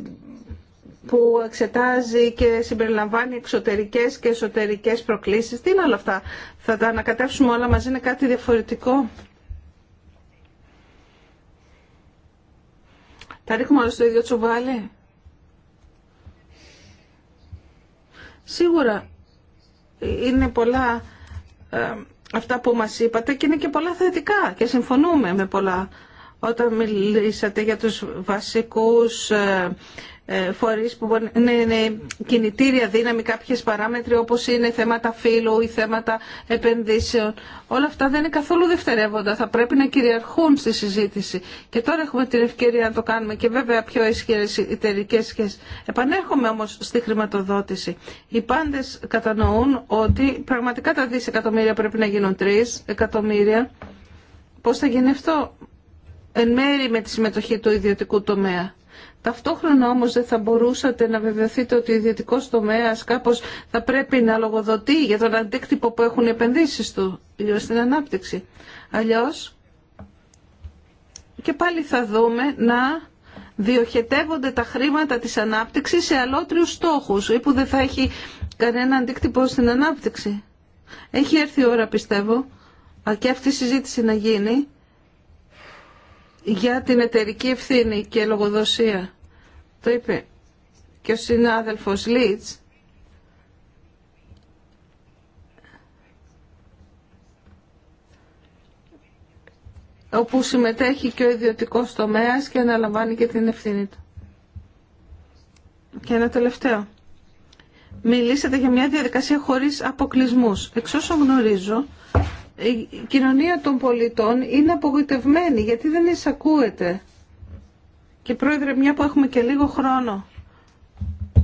που εξετάζει και συμπεριλαμβάνει εξωτερικές και εσωτερικές προκλήσεις. Τι είναι όλα αυτά. Θα τα ανακατεύσουμε όλα μαζί, είναι κάτι διαφορετικό. Τα ρίχνουμε όλα στο ίδιο τσουβάλι. Σίγουρα είναι πολλά ε, αυτά που μας είπατε και είναι και πολλά θετικά και συμφωνούμε με πολλά. Όταν μιλήσατε για τους βασικούς ε, ε, φορεί που μπορεί να είναι κινητήρια δύναμη, κάποιε παράμετροι όπω είναι θέματα φύλου ή θέματα επενδύσεων. Όλα αυτά δεν είναι καθόλου δευτερεύοντα, θα πρέπει να κυριαρχούν στη συζήτηση. Και τώρα έχουμε την ευκαιρία να το κάνουμε και βέβαια πιο ισχυρέ εταιρικέ σχέσει. Επανέρχομαι όμω στη χρηματοδότηση. Οι πάντε κατανοούν ότι πραγματικά τα δισεκατομμύρια πρέπει να γίνουν τρει εκατομμύρια. πώ θα γίνει αυτό εν μέρη με τη συμμετοχή του ιδιωτικού τομέα. Ταυτόχρονα όμως δεν θα μπορούσατε να βεβαιωθείτε ότι ο ιδιωτικό τομέα κάπως θα πρέπει να λογοδοτεί για τον αντίκτυπο που έχουν οι επενδύσεις του στην ανάπτυξη. Αλλιώς και πάλι θα δούμε να διοχετεύονται τα χρήματα της ανάπτυξης σε αλότριους στόχους ή που δεν θα έχει κανένα αντίκτυπο στην ανάπτυξη. Έχει έρθει η ώρα πιστεύω και αυτή η συζήτηση να γίνει για την εταιρική ευθύνη και λογοδοσία. Το είπε και ο συνάδελφος Λίτς. όπου συμμετέχει και ο ιδιωτικός τομέας και αναλαμβάνει και την ευθύνη του. Και ένα τελευταίο. Μιλήσατε για μια διαδικασία χωρίς αποκλεισμούς. Εξ όσων γνωρίζω, η κοινωνία των πολιτών είναι απογοητευμένη γιατί δεν εισακούεται. Και πρόεδρε, μια που έχουμε και λίγο χρόνο,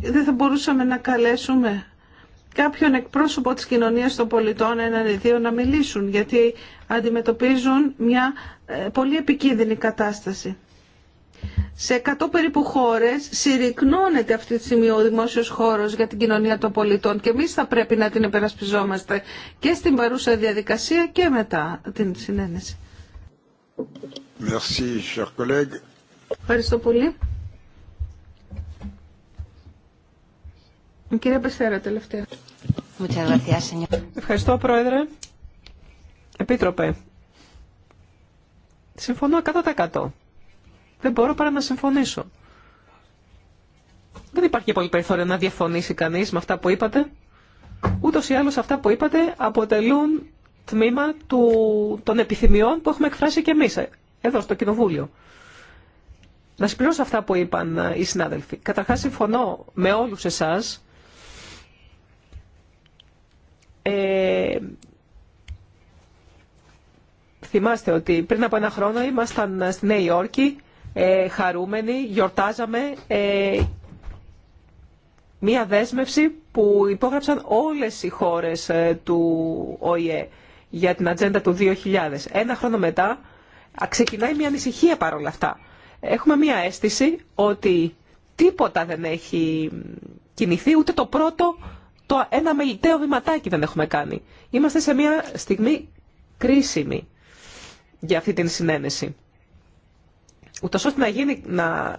δεν θα μπορούσαμε να καλέσουμε κάποιον εκπρόσωπο της κοινωνίας των πολιτών έναν ή δύο να μιλήσουν γιατί αντιμετωπίζουν μια ε, πολύ επικίνδυνη κατάσταση. Σε 100 περίπου χώρε συρρυκνώνεται αυτή τη στιγμή ο δημόσιο χώρο για την κοινωνία των πολιτών και εμεί θα πρέπει να την επερασπιζόμαστε και στην παρούσα διαδικασία και μετά την συνένεση. Merci, cher collègue. Ευχαριστώ πολύ. Κύριε τελευταία. Ευχαριστώ, Πρόεδρε. Επίτροπε, συμφωνώ 100% δεν μπορώ παρά να συμφωνήσω. Δεν υπάρχει και πολύ περιθώριο να διαφωνήσει κανείς με αυτά που είπατε. Ούτως ή άλλως αυτά που είπατε αποτελούν τμήμα του, των επιθυμιών που έχουμε εκφράσει και εμείς ε, εδώ στο Κοινοβούλιο. Να συμπληρώσω αυτά που είπαν ε, οι συνάδελφοι. Καταρχά, συμφωνώ με όλους εσάς ε, θυμάστε ότι πριν από ένα χρόνο ήμασταν στη Νέα Υόρκη ε, χαρούμενοι, γιορτάζαμε ε, μία δέσμευση που υπόγραψαν όλες οι χώρες ε, του ΟΗΕ για την ατζέντα του 2000. Ένα χρόνο μετά ξεκινάει μια ανησυχία παρόλα αυτά. Έχουμε μια αίσθηση ότι τίποτα δεν έχει κινηθεί, ούτε το πρώτο, το ένα μελιτέο βηματάκι δεν έχουμε κάνει. Είμαστε σε μια στιγμή κρίσιμη για αυτή την συνένεση ούτω ώστε να, γίνει, να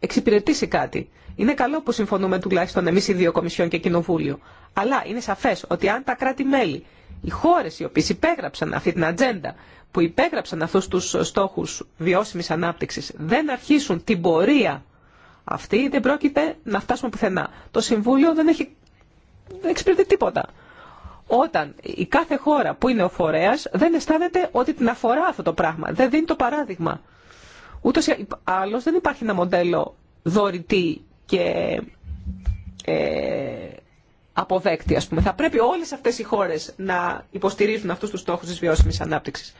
εξυπηρετήσει κάτι. Είναι καλό που συμφωνούμε τουλάχιστον εμεί οι δύο Κομισιόν και Κοινοβούλιο. Αλλά είναι σαφέ ότι αν τα κράτη-μέλη, οι χώρε οι οποίε υπέγραψαν αυτή την ατζέντα, που υπέγραψαν αυτού του στόχου βιώσιμη ανάπτυξη, δεν αρχίσουν την πορεία αυτή, δεν πρόκειται να φτάσουμε πουθενά. Το Συμβούλιο δεν έχει δεν εξυπηρετεί τίποτα. Όταν η κάθε χώρα που είναι ο φορέα δεν αισθάνεται ότι την αφορά αυτό το πράγμα, δεν δίνει το παράδειγμα. Ούτως ή άλλως δεν υπάρχει ένα μοντέλο δωρητή και ε, αποδέκτη, ας πούμε. Θα πρέπει όλες αυτές οι χώρες να υποστηρίζουν αυτούς τους στόχους της βιώσιμης ανάπτυξης.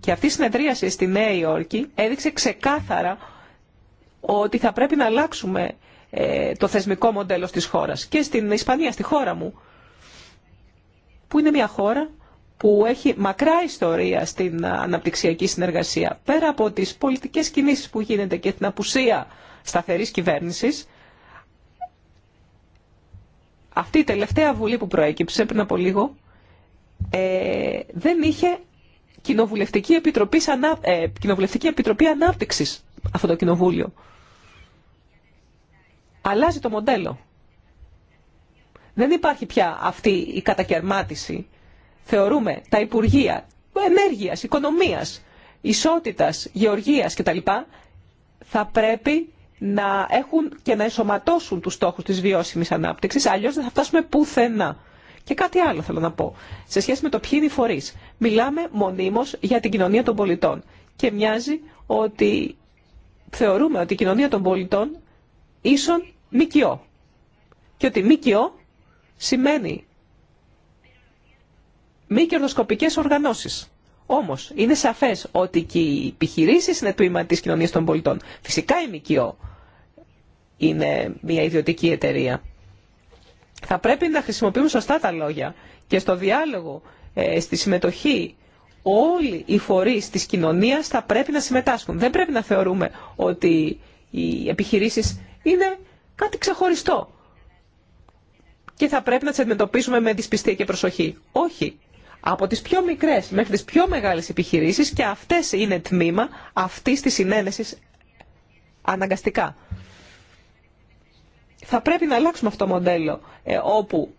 Και αυτή η συνεδρίαση στη Νέα Υόρκη έδειξε ξεκάθαρα ότι θα πρέπει να αλλάξουμε ε, το θεσμικό μοντέλο της χώρας. Και στην Ισπανία, στη χώρα μου, που είναι μια χώρα που έχει μακρά ιστορία στην αναπτυξιακή συνεργασία, πέρα από τις πολιτικές κινήσεις που γίνεται και την απουσία σταθερής κυβέρνησης, αυτή η τελευταία βουλή που προέκυψε πριν από λίγο ε, δεν είχε κοινοβουλευτική επιτροπή, ε, κοινοβουλευτική επιτροπή ανάπτυξης αυτό το κοινοβούλιο. Αλλάζει το μοντέλο. Δεν υπάρχει πια αυτή η κατακαιρμάτιση θεωρούμε τα Υπουργεία Ενέργειας, Οικονομίας, Ισότητας, Γεωργίας κτλ. θα πρέπει να έχουν και να εσωματώσουν τους στόχους της βιώσιμης ανάπτυξης, αλλιώς δεν θα φτάσουμε πουθενά. Και κάτι άλλο θέλω να πω. Σε σχέση με το ποιοι είναι οι φορεί. Μιλάμε μονίμω για την κοινωνία των πολιτών. Και μοιάζει ότι θεωρούμε ότι η κοινωνία των πολιτών ίσον ΜΚΟ. Και ότι ΜΚΟ σημαίνει μη κερδοσκοπικέ οργανώσει. Όμω, είναι σαφέ ότι και οι επιχειρήσει είναι τμήμα τη κοινωνία των πολιτών. Φυσικά η ΜΚΟ είναι μια ιδιωτική εταιρεία. Θα πρέπει να χρησιμοποιούμε σωστά τα λόγια και στο διάλογο, ε, στη συμμετοχή όλοι οι φορεί τη κοινωνία θα πρέπει να συμμετάσχουν. Δεν πρέπει να θεωρούμε ότι οι επιχειρήσει είναι κάτι ξεχωριστό και θα πρέπει να τι αντιμετωπίσουμε με δυσπιστία και προσοχή. Όχι από τις πιο μικρές μέχρι τις πιο μεγάλες επιχειρήσεις και αυτές είναι τμήμα αυτής της συνένεσης αναγκαστικά. Θα πρέπει να αλλάξουμε αυτό το μοντέλο ε, όπου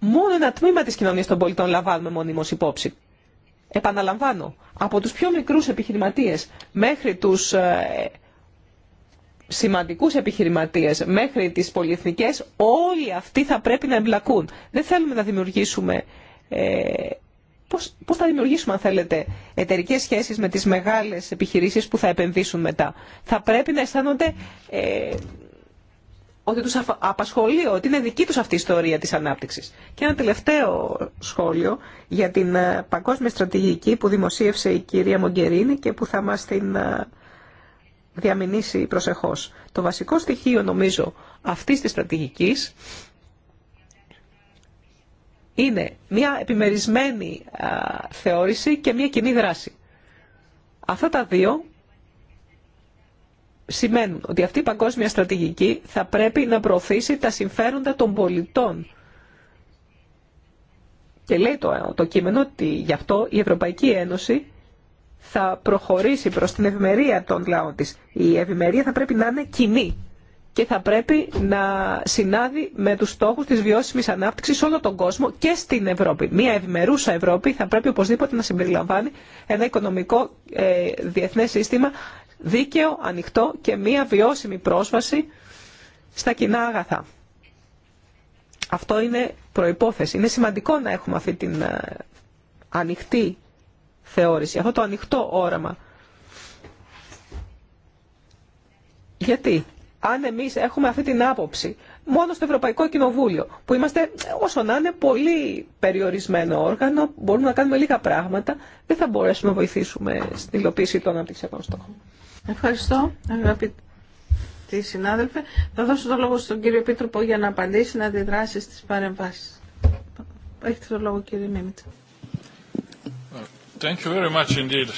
μόνο ένα τμήμα της κοινωνίας των πολιτών λαμβάνουμε μονίμως υπόψη. Επαναλαμβάνω, από τους πιο μικρούς επιχειρηματίες μέχρι τους ε, σημαντικούς επιχειρηματίες, μέχρι τις πολυεθνικές, όλοι αυτοί θα πρέπει να εμπλακούν. Δεν θέλουμε να δημιουργήσουμε ε, πώς, θα δημιουργήσουμε, αν θέλετε, εταιρικέ σχέσεις με τις μεγάλες επιχειρήσεις που θα επενδύσουν μετά. Θα πρέπει να αισθάνονται ε, ότι τους απασχολεί, ότι είναι δική τους αυτή η ιστορία της ανάπτυξης. Και ένα τελευταίο σχόλιο για την ε, παγκόσμια στρατηγική που δημοσίευσε η κυρία Μογκερίνη και που θα μας την διαμηνήσει προσεχώς. Το βασικό στοιχείο, νομίζω, αυτής της στρατηγικής είναι μια επιμερισμένη θεώρηση και μια κοινή δράση. Αυτά τα δύο σημαίνουν ότι αυτή η παγκόσμια στρατηγική θα πρέπει να προωθήσει τα συμφέροντα των πολιτών. Και λέει το, κείμενο ότι γι' αυτό η Ευρωπαϊκή Ένωση θα προχωρήσει προς την ευημερία των λαών της. Η ευημερία θα πρέπει να είναι κοινή και θα πρέπει να συνάδει με τους στόχους της βιώσιμης ανάπτυξης σε όλο τον κόσμο και στην Ευρώπη. Μια ευημερούσα Ευρώπη θα πρέπει οπωσδήποτε να συμπεριλαμβάνει ένα οικονομικό ε, διεθνές σύστημα δίκαιο, ανοιχτό και μια βιώσιμη πρόσβαση στα κοινά αγαθά. Αυτό είναι προϋπόθεση. Είναι σημαντικό να έχουμε αυτή την ε, ανοιχτή θεώρηση, αυτό το ανοιχτό όραμα. Γιατί αν εμεί έχουμε αυτή την άποψη μόνο στο Ευρωπαϊκό Κοινοβούλιο, που είμαστε όσο να είναι πολύ περιορισμένο όργανο, μπορούμε να κάνουμε λίγα πράγματα, δεν θα μπορέσουμε να βοηθήσουμε στην υλοποίηση των αναπτυξιακών στόχων. Ευχαριστώ, αγαπητοί συνάδελφοι. Θα δώσω το λόγο στον κύριο Επίτροπο για να απαντήσει, να αντιδράσει στις παρεμβάσει. Έχετε το λόγο κύριε Μίμητ. Thank you very much indeed,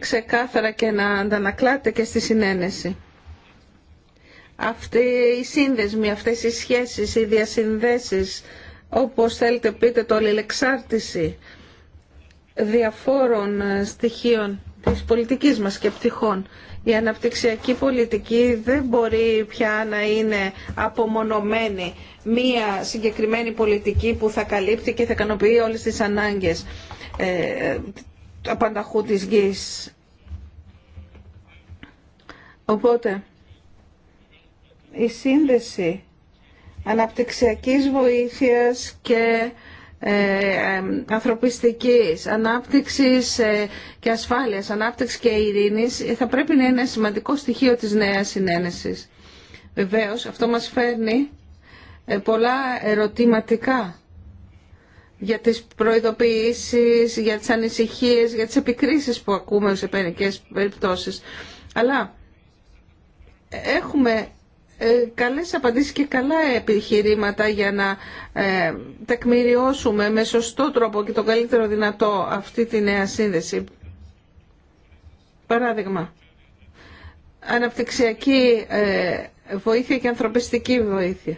ξεκάθαρα και να αντανακλάτε και στη συνένεση. αυτή οι σύνδεσμη αυτές οι σχέσεις, οι διασυνδέσεις, όπως θέλετε πείτε το αλληλεξάρτηση διαφόρων ε, στοιχείων της πολιτικής μας και πτυχών. Η αναπτυξιακή πολιτική δεν μπορεί πια να είναι απομονωμένη μία συγκεκριμένη πολιτική που θα καλύπτει και θα ικανοποιεί όλες τις ανάγκες ε, του απανταχού της γης. Οπότε, η σύνδεση αναπτυξιακής βοήθειας και ε, ανθρωπιστικής, ανάπτυξης ε, και ασφάλειας, ανάπτυξη και ειρήνης ε, θα πρέπει να είναι σημαντικό στοιχείο της νέας συνένεσης. Βεβαίως, αυτό μας φέρνει ε, πολλά ερωτηματικά για τις προειδοποιήσεις, για τις ανησυχίες, για τις επικρίσεις που ακούμε σε περικές περιπτώσεις. Αλλά έχουμε ε, καλές απαντήσεις και καλά επιχειρήματα για να ε, τεκμηριώσουμε με σωστό τρόπο και το καλύτερο δυνατό αυτή τη νέα σύνδεση. Παράδειγμα, αναπτυξιακή ε, βοήθεια και ανθρωπιστική βοήθεια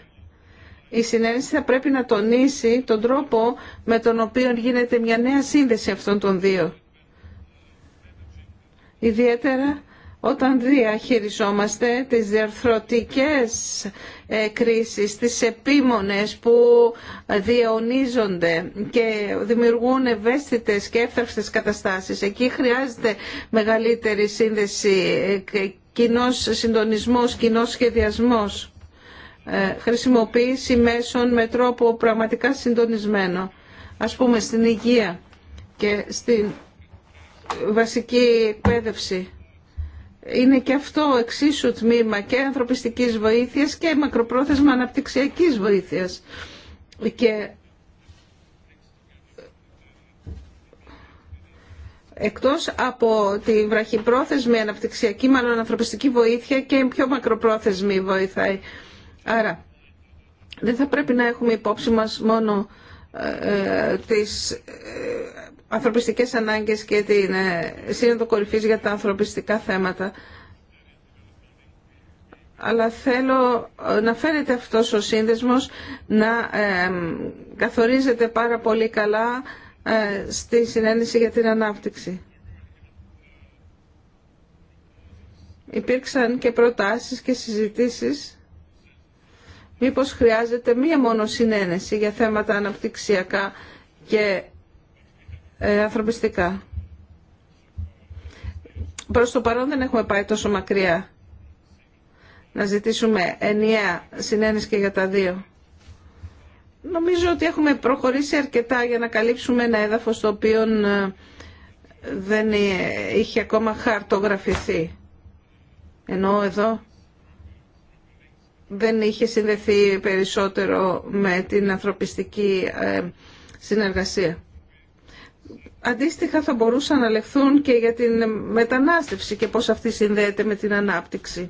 η συνέντευξη θα πρέπει να τονίσει τον τρόπο με τον οποίο γίνεται μια νέα σύνδεση αυτών των δύο. Ιδιαίτερα όταν διαχειριζόμαστε τις διαρθρωτικές ε, κρίσεις, τις επίμονες που διαιωνίζονται και δημιουργούν ευαίσθητες και έφταξτες καταστάσεις. Εκεί χρειάζεται μεγαλύτερη σύνδεση, ε, κοινός συντονισμός, κοινός σχεδιασμός. Ε, χρησιμοποίηση μέσων με τρόπο πραγματικά συντονισμένο. Ας πούμε στην υγεία και στην βασική εκπαίδευση. Είναι και αυτό εξίσου τμήμα και ανθρωπιστικής βοήθειας και μακροπρόθεσμα αναπτυξιακής βοήθειας. Και εκτός από τη βραχυπρόθεσμη αναπτυξιακή, μάλλον ανθρωπιστική βοήθεια και πιο μακροπρόθεσμη βοηθάει. Άρα, δεν θα πρέπει να έχουμε υπόψη μας μόνο ε, ε τις ε, ανθρωπιστικές ανάγκες και την ε, σύνοδο κορυφής για τα ανθρωπιστικά θέματα. Αλλά θέλω ε, να φαίνεται αυτός ο σύνδεσμος να καθορίζεται πάρα πολύ καλά στη συνένεση για την ανάπτυξη. Υπήρξαν και προτάσεις και συζητήσεις μήπως χρειάζεται μία μόνο συνένεση για θέματα αναπτυξιακά και ε, ανθρωπιστικά. Προς το παρόν δεν έχουμε πάει τόσο μακριά να ζητήσουμε ενιαία συνένεση και για τα δύο. Νομίζω ότι έχουμε προχωρήσει αρκετά για να καλύψουμε ένα έδαφος το οποίο ε, δεν ε, είχε ακόμα χαρτογραφηθεί. Ενώ εδώ δεν είχε συνδεθεί περισσότερο με την ανθρωπιστική ε, συνεργασία. Αντίστοιχα θα μπορούσαν να λεχθούν και για την μετανάστευση και πώς αυτή συνδέεται με την ανάπτυξη.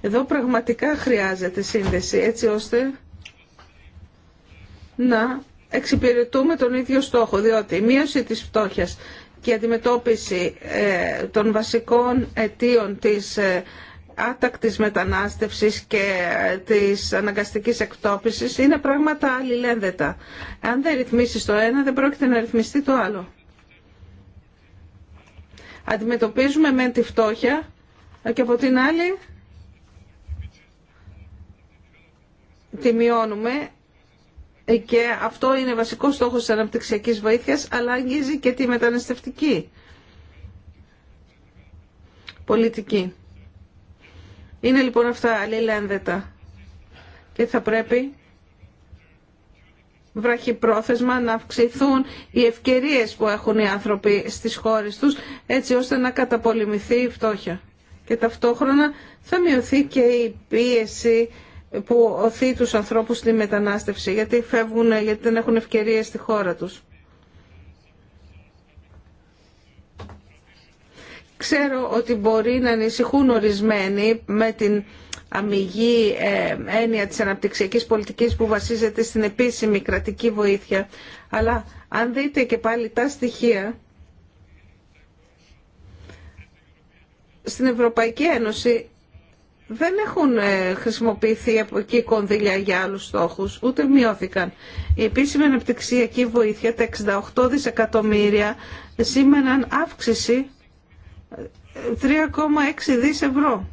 Εδώ πραγματικά χρειάζεται σύνδεση έτσι ώστε να εξυπηρετούμε τον ίδιο στόχο, διότι η μείωση της φτώχειας και η αντιμετώπιση ε, των βασικών αιτίων της ε, άτακτης μετανάστευσης και ε, της αναγκαστικής εκτόπισης είναι πράγματα αλληλένδετα. Αν δεν ρυθμίσεις το ένα δεν πρόκειται να ρυθμιστεί το άλλο. Αντιμετωπίζουμε με τη φτώχεια ε, και από την άλλη τη μειώνουμε ε, και αυτό είναι βασικό στόχος της αναπτυξιακής βοήθειας αλλά αγγίζει και τη μεταναστευτική πολιτική. Είναι λοιπόν αυτά αλληλένδετα και θα πρέπει βραχυπρόθεσμα να αυξηθούν οι ευκαιρίες που έχουν οι άνθρωποι στις χώρες τους έτσι ώστε να καταπολεμηθεί η φτώχεια. Και ταυτόχρονα θα μειωθεί και η πίεση που οθεί τους ανθρώπους στη μετανάστευση γιατί φεύγουν, γιατί δεν έχουν ευκαιρίες στη χώρα τους. Ξέρω ότι μπορεί να ανησυχούν ορισμένοι με την αμυγή ε, έννοια της αναπτυξιακής πολιτικής που βασίζεται στην επίσημη κρατική βοήθεια. Αλλά αν δείτε και πάλι τα στοιχεία, στην Ευρωπαϊκή Ένωση δεν έχουν ε, χρησιμοποιηθεί από εκεί κονδύλια για άλλους στόχους, ούτε μειώθηκαν. Η επίσημη αναπτυξιακή βοήθεια, τα 68 δισεκατομμύρια, σήμαιναν αύξηση 3,6 δις ευρώ.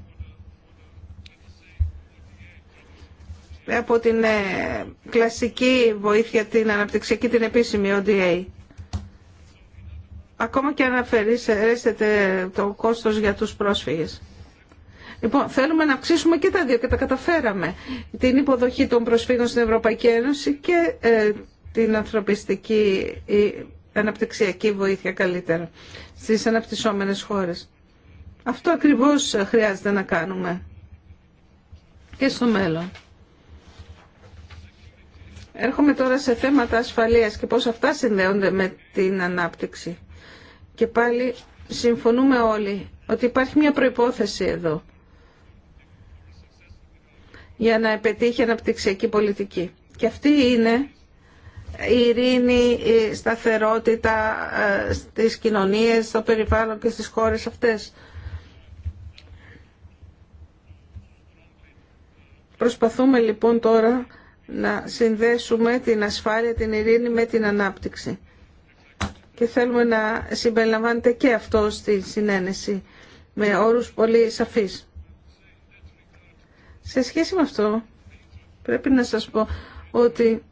από την ε, κλασική βοήθεια, την αναπτυξιακή, την επίσημη ODA. Ακόμα και αναφερήσετε το κόστος για τους πρόσφυγες. Λοιπόν, θέλουμε να αυξήσουμε και τα δύο και τα καταφέραμε. Την υποδοχή των προσφύγων στην Ευρωπαϊκή Ένωση και ε, την ανθρωπιστική αναπτυξιακή βοήθεια καλύτερα στις αναπτυσσόμενες χώρες. Αυτό ακριβώς χρειάζεται να κάνουμε και στο μέλλον. Έρχομαι τώρα σε θέματα ασφαλείας και πώς αυτά συνδέονται με την ανάπτυξη. Και πάλι συμφωνούμε όλοι ότι υπάρχει μια προϋπόθεση εδώ για να επιτύχει αναπτυξιακή πολιτική. Και αυτή είναι η ειρήνη, σταθερότητα ε, στις κοινωνίες, στο περιβάλλον και στις χώρες αυτές. Προσπαθούμε λοιπόν τώρα να συνδέσουμε την ασφάλεια, την ειρήνη με την ανάπτυξη. Και θέλουμε να συμπεριλαμβάνεται και αυτό στη συνένεση με όρους πολύ σαφείς. Σε σχέση με αυτό πρέπει να σας πω ότι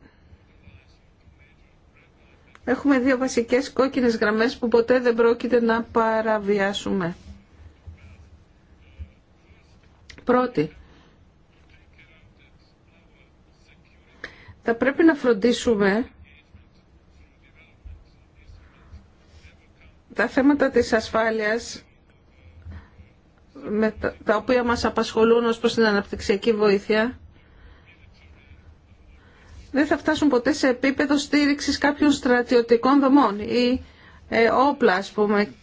έχουμε δύο βασικές κόκκινες γραμμές που ποτέ δεν πρόκειται να παραβιάσουμε. Πρώτη, θα πρέπει να φροντίσουμε τα θέματα της ασφάλειας με τα, οποία μας απασχολούν ως προς την αναπτυξιακή βοήθεια δεν θα φτάσουν ποτέ σε επίπεδο στήριξης κάποιων στρατιωτικών δομών ή ε, όπλα, ας πούμε,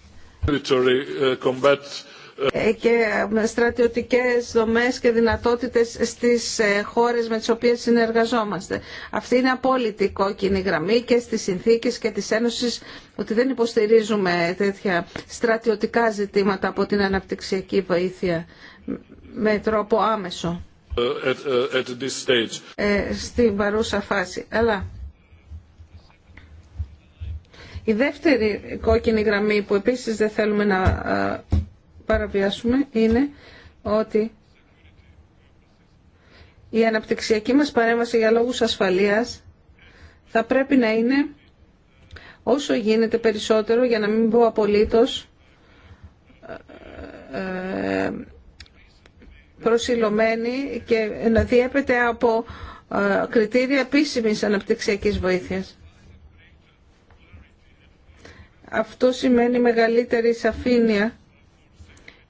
ε, ε, και στρατιωτικές δομές και δυνατότητες στις χώρες με τις οποίες συνεργαζόμαστε. Αυτή είναι απόλυτη κόκκινη γραμμή και στις συνθήκες και της Ένωσης ότι δεν υποστηρίζουμε τέτοια στρατιωτικά ζητήματα από την αναπτυξιακή βοήθεια με τρόπο άμεσο. Uh, uh, ε, στην παρούσα φάση. Αλλά η δεύτερη κόκκινη γραμμή που επίσης δεν θέλουμε να ε, παραβιάσουμε είναι ότι η αναπτυξιακή μας παρέμβαση για λόγους ασφαλείας θα πρέπει να είναι όσο γίνεται περισσότερο, για να μην πω απολύτως, ε, προσιλωμένη και να διέπεται από ε, κριτήρια επίσημης αναπτυξιακής βοήθειας. Αυτό σημαίνει μεγαλύτερη σαφήνεια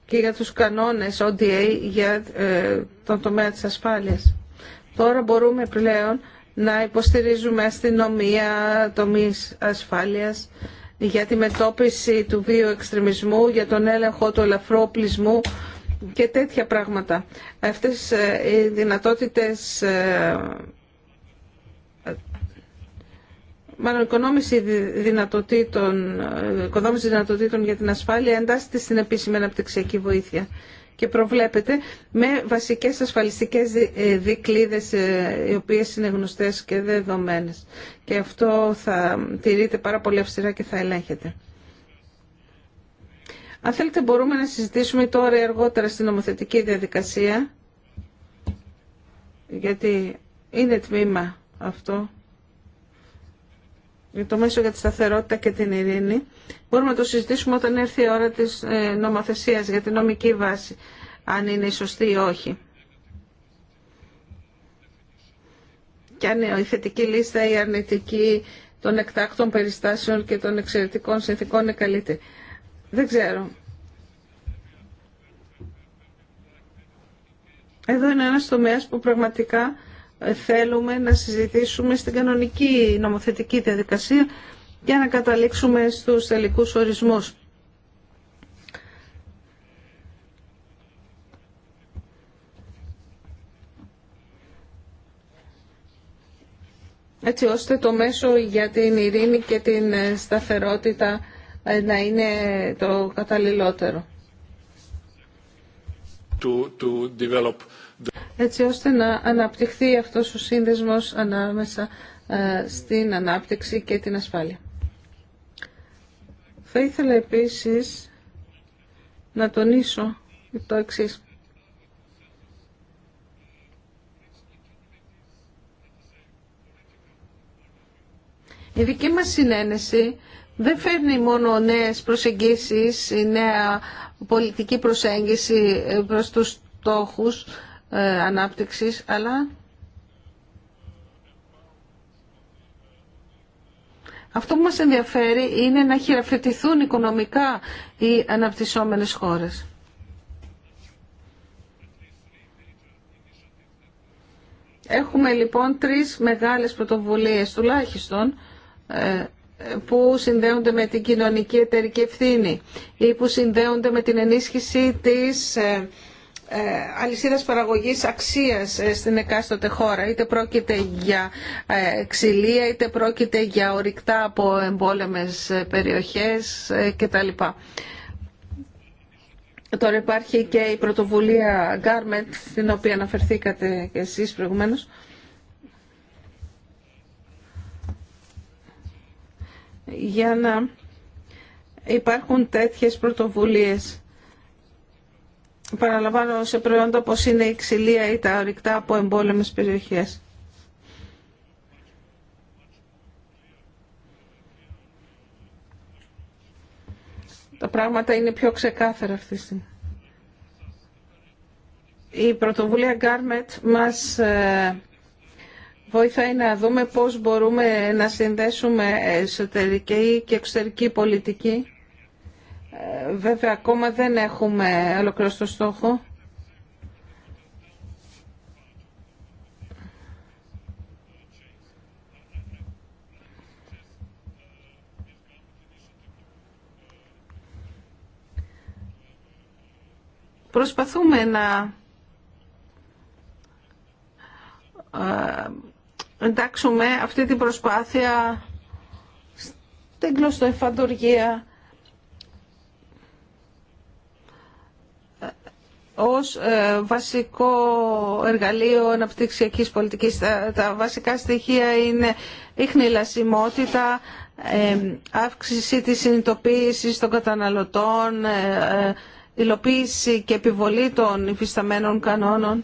και για τους κανόνες ODA για ε, τον τομέα της ασφάλειας. Τώρα μπορούμε πλέον να υποστηρίζουμε αστυνομία, τομείς ασφάλειας, για τη μετώπιση του βίου εξτρεμισμού, για τον έλεγχο του ελαφρόπλισμού και τέτοια πράγματα. Αυτές ε, οι δυνατότητες ε, μάλλον οικονόμηση δυνατοτήτων, ε, οικονόμηση δυνατοτήτων για την ασφάλεια εντάσσεται στην επίσημη αναπτυξιακή βοήθεια και προβλέπεται με βασικές ασφαλιστικές δικλίδες οι οποίες είναι γνωστές και δεδομένες. Και αυτό θα τηρείται πάρα πολύ αυστηρά και θα ελέγχεται. Αν θέλετε μπορούμε να συζητήσουμε τώρα ή αργότερα στην νομοθετική διαδικασία, γιατί είναι τμήμα αυτό για το μέσο για τη σταθερότητα και την ειρήνη. Μπορούμε να το συζητήσουμε όταν έρθει η ώρα της ε, νομοθεσίας για την νομική βάση, αν είναι η σωστή ή όχι. Και αν η θετική λίστα ή η αρνητική των εκτάκτων περιστάσεων και των εξαιρετικών συνθήκων είναι καλύτερη. Δεν ξέρω. Εδώ είναι ένας τομέας που πραγματικά ε, θέλουμε να συζητήσουμε στην κανονική νομοθετική διαδικασία για να καταλήξουμε στους τελικούς ορισμούς. έτσι ώστε το μέσο για την ειρήνη και την ε, σταθερότητα ε, να είναι το καταλληλότερο. To, to develop the... Έτσι ώστε να αναπτυχθεί αυτός ο σύνδεσμος ανάμεσα ε, στην ανάπτυξη και την ασφάλεια. Θα ήθελα επίσης να τονίσω το εξής. Η δική μας συνένεση δεν φέρνει μόνο νέες προσεγγίσεις, η νέα πολιτική προσέγγιση ε, προς τους στόχους ε, ανάπτυξης, αλλά αυτό που μας ενδιαφέρει είναι να χειραφετηθούν οικονομικά οι αναπτυσσόμενες χώρες. Έχουμε λοιπόν τρεις μεγάλες πρωτοβουλίες τουλάχιστον ε, που συνδέονται με την κοινωνική εταιρική ευθύνη ή που συνδέονται με την ενίσχυση της ε, ε, αλυσίδας παραγωγής αξίας στην εκάστοτε χώρα. Είτε πρόκειται για ξυλία, είτε πρόκειται για ορυκτά από εμπόλεμες περιοχές κτλ. Τώρα υπάρχει και η πρωτοβουλία Garment, στην οποία αναφερθήκατε και εσείς προηγουμένως. για να υπάρχουν τέτοιες πρωτοβουλίες. Παραλαμβάνω σε προϊόντα πώς είναι η ξυλία ή τα ορυκτά από εμπόλεμες περιοχές. Τα πράγματα είναι πιο ξεκάθαρα αυτή τη στιγμή. Η πρωτοβουλία Garment μας ε, βοηθάει να δούμε πώς μπορούμε να συνδέσουμε εσωτερική και εξωτερική πολιτική. Ε, βέβαια, ακόμα δεν έχουμε ολοκληρώσει το στόχο. Προσπαθούμε να ε, εντάξουμε αυτή την προσπάθεια στην κλωστοεφαντοργία ως ε, βασικό εργαλείο αναπτυξιακής πολιτικής. Τα, βασικά στοιχεία είναι η χνηλασιμότητα, ε, αύξηση της συνειδητοποίησης των καταναλωτών, ε, υλοποίηση και επιβολή των υφισταμένων κανόνων.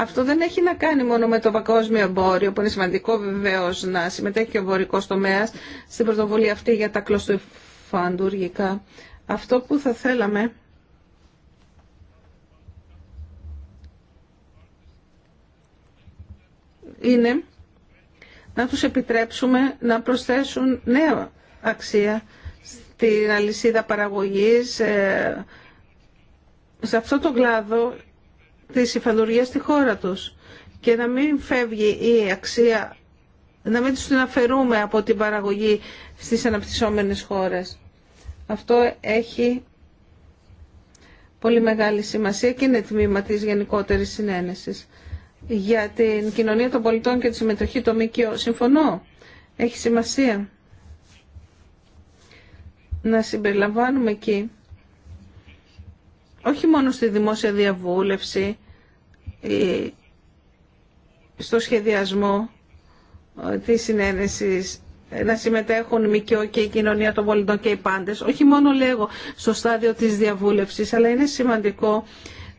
Αυτό δεν έχει να κάνει μόνο με το παγκόσμιο εμπόριο, που είναι σημαντικό βεβαίω να συμμετέχει και ο εμπορικό τομέα στην πρωτοβουλία αυτή για τα κλωστοφαντουργικά. Αυτό που θα θέλαμε είναι να τους επιτρέψουμε να προσθέσουν νέα αξία στην αλυσίδα παραγωγής. Ε, σε αυτό το κλάδο Τη υφαλουργία στη χώρα τους και να μην φεύγει η αξία, να μην του την αφαιρούμε από την παραγωγή στις αναπτυσσόμενες χώρες. Αυτό έχει πολύ μεγάλη σημασία και είναι τμήμα τη γενικότερη συνένεσης. Για την κοινωνία των πολιτών και τη συμμετοχή των ΜΚΟ συμφωνώ. Έχει σημασία να συμπεριλαμβάνουμε εκεί όχι μόνο στη δημόσια διαβούλευση, στο σχεδιασμό ε, της συνένεσης ε, να συμμετέχουν ΜΚΟ και η κοινωνία των πολιτών και οι πάντες, όχι μόνο λέγω στο στάδιο της διαβούλευσης, αλλά είναι σημαντικό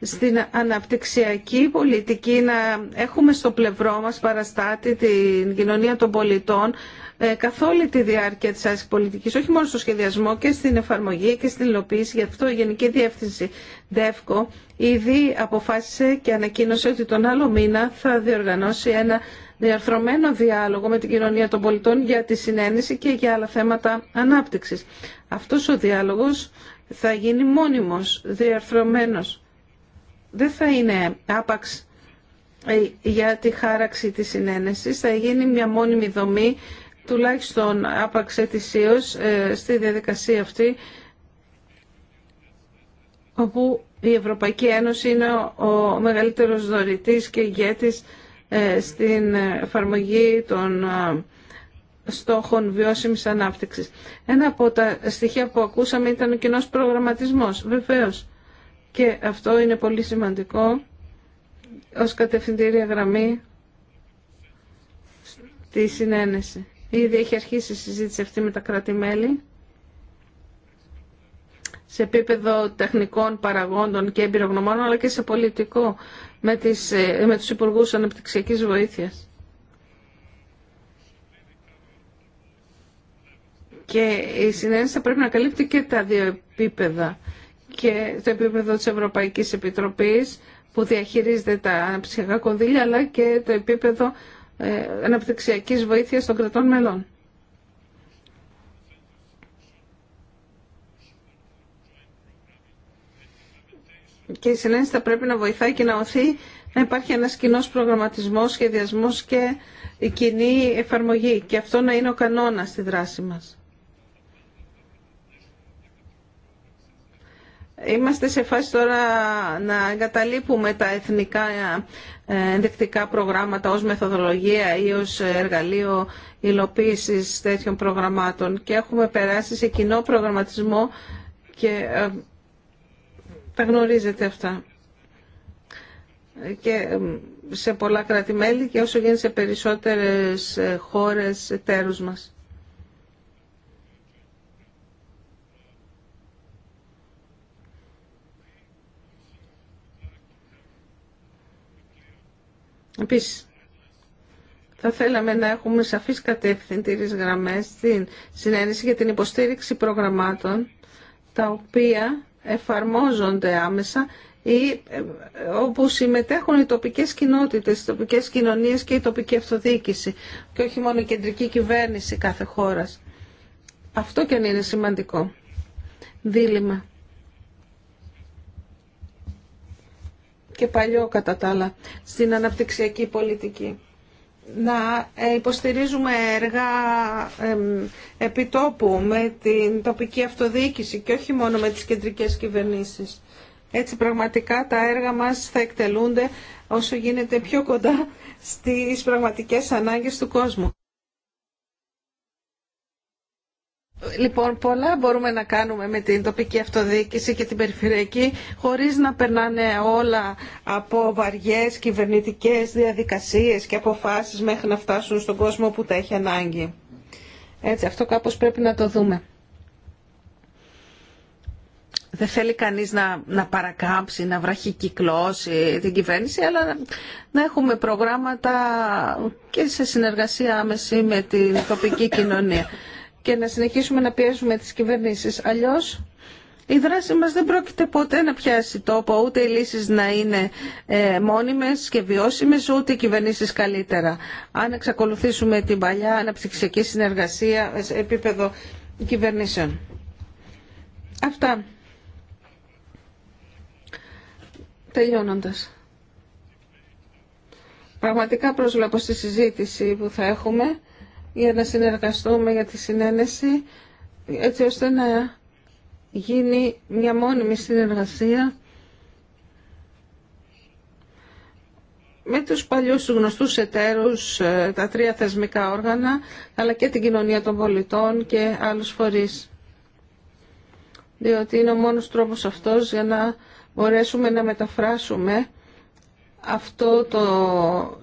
στην αναπτυξιακή πολιτική να έχουμε στο πλευρό μας παραστάτη την κοινωνία των πολιτών ε, καθ' όλη τη διάρκεια της άσκησης πολιτικής, όχι μόνο στο σχεδιασμό και στην εφαρμογή και στην υλοποίηση. Γι' αυτό η Γενική Διεύθυνση ΔΕΦΚΟ ήδη αποφάσισε και ανακοίνωσε ότι τον άλλο μήνα θα διοργανώσει ένα διαρθρωμένο διάλογο με την κοινωνία των πολιτών για τη συνένεση και για άλλα θέματα ανάπτυξης. Αυτός ο διάλογος θα γίνει μόνιμος, διαρθρωμένος δεν θα είναι άπαξ ε, για τη χάραξη της συνένεσης, θα γίνει μια μόνιμη δομή τουλάχιστον άπαξ ετησίως ε, στη διαδικασία αυτή όπου η Ευρωπαϊκή Ένωση είναι ο μεγαλύτερος δωρητής και ηγέτης ε, στην εφαρμογή των στόχων βιώσιμης ανάπτυξης. Ένα από τα στοιχεία που ακούσαμε ήταν ο κοινός προγραμματισμός. Βεβαίως, και αυτό είναι πολύ σημαντικό ως κατευθυντήρια γραμμή στη συνένεση. Ήδη έχει αρχίσει η συζήτηση αυτή με τα κράτη-μέλη σε επίπεδο τεχνικών παραγόντων και εμπειρογνωμών, αλλά και σε πολιτικό, με, τις, ε, με τους Υπουργούς Αναπτυξιακής Βοήθειας. Και η συνένεση θα πρέπει να καλύπτει και τα δύο επίπεδα και το επίπεδο της Ευρωπαϊκής Επιτροπής που διαχειρίζεται τα αναπτυξιακά κονδύλια αλλά και το επίπεδο ε, αναπτυξιακής βοήθειας των κρατών μελών. Και η συνέντευξη θα πρέπει να βοηθάει και να οθεί να υπάρχει ένας κοινός προγραμματισμός, σχεδιασμός και η κοινή εφαρμογή. Και αυτό να είναι ο κανόνας στη δράση μας. Είμαστε σε φάση τώρα να εγκαταλείπουμε τα εθνικά ε, ενδεικτικά προγράμματα ως μεθοδολογία ή ως εργαλείο υλοποίησης τέτοιων προγραμμάτων και έχουμε περάσει σε κοινό προγραμματισμό και ε, τα γνωρίζετε αυτά και ε, σε πολλά κράτη-μέλη και όσο γίνεται σε περισσότερες χώρες τέρους μας. Επίσης, θα θέλαμε να έχουμε σαφείς κατευθυντήρες γραμμές στην συνένεση για την υποστήριξη προγραμμάτων τα οποία εφαρμόζονται άμεσα ή ε, όπου συμμετέχουν οι τοπικές κοινότητες, οι τοπικές κοινωνίες και η τοπική αυτοδιοίκηση και όχι μόνο η κεντρική κυβέρνηση κάθε χώρας. Αυτό και αν είναι σημαντικό. Δίλημα. και παλιό κατά τα άλλα στην αναπτυξιακή πολιτική. Να ε, υποστηρίζουμε έργα επιτόπου με την τοπική αυτοδιοίκηση και όχι μόνο με τις κεντρικές κυβερνήσεις. Έτσι πραγματικά τα έργα μας θα εκτελούνται όσο γίνεται πιο κοντά στις πραγματικές ανάγκες του κόσμου. Λοιπόν, πολλά μπορούμε να κάνουμε με την τοπική αυτοδιοίκηση και την περιφερειακή χωρίς να περνάνε όλα από βαριές κυβερνητικές διαδικασίες και αποφάσεις μέχρι να φτάσουν στον κόσμο που τα έχει ανάγκη. Έτσι, αυτό κάπως πρέπει να το δούμε. Δεν θέλει κανείς να, να παρακάμψει, να βραχικυκλώσει την κυβέρνηση, αλλά να, να έχουμε προγράμματα και σε συνεργασία άμεση με την τοπική κοινωνία και να συνεχίσουμε να πιέζουμε τις κυβερνήσεις. Αλλιώς η δράση μας δεν πρόκειται ποτέ να πιάσει τόπο, ούτε οι λύσεις να είναι ε, μόνιμες και βιώσιμες, ούτε οι κυβερνήσεις καλύτερα. Αν εξακολουθήσουμε την παλιά αναπτυξιακή συνεργασία σε επίπεδο κυβερνήσεων. Αυτά. Τελειώνοντας. Πραγματικά προσβλέπω στη συζήτηση που θα έχουμε για να συνεργαστούμε για τη συνένεση έτσι ώστε να γίνει μια μόνιμη συνεργασία με τους παλιούς τους γνωστούς εταίρους, ε, τα τρία θεσμικά όργανα, αλλά και την κοινωνία των πολιτών και άλλους φορείς. Διότι είναι ο μόνος τρόπος αυτός για να μπορέσουμε να μεταφράσουμε αυτό το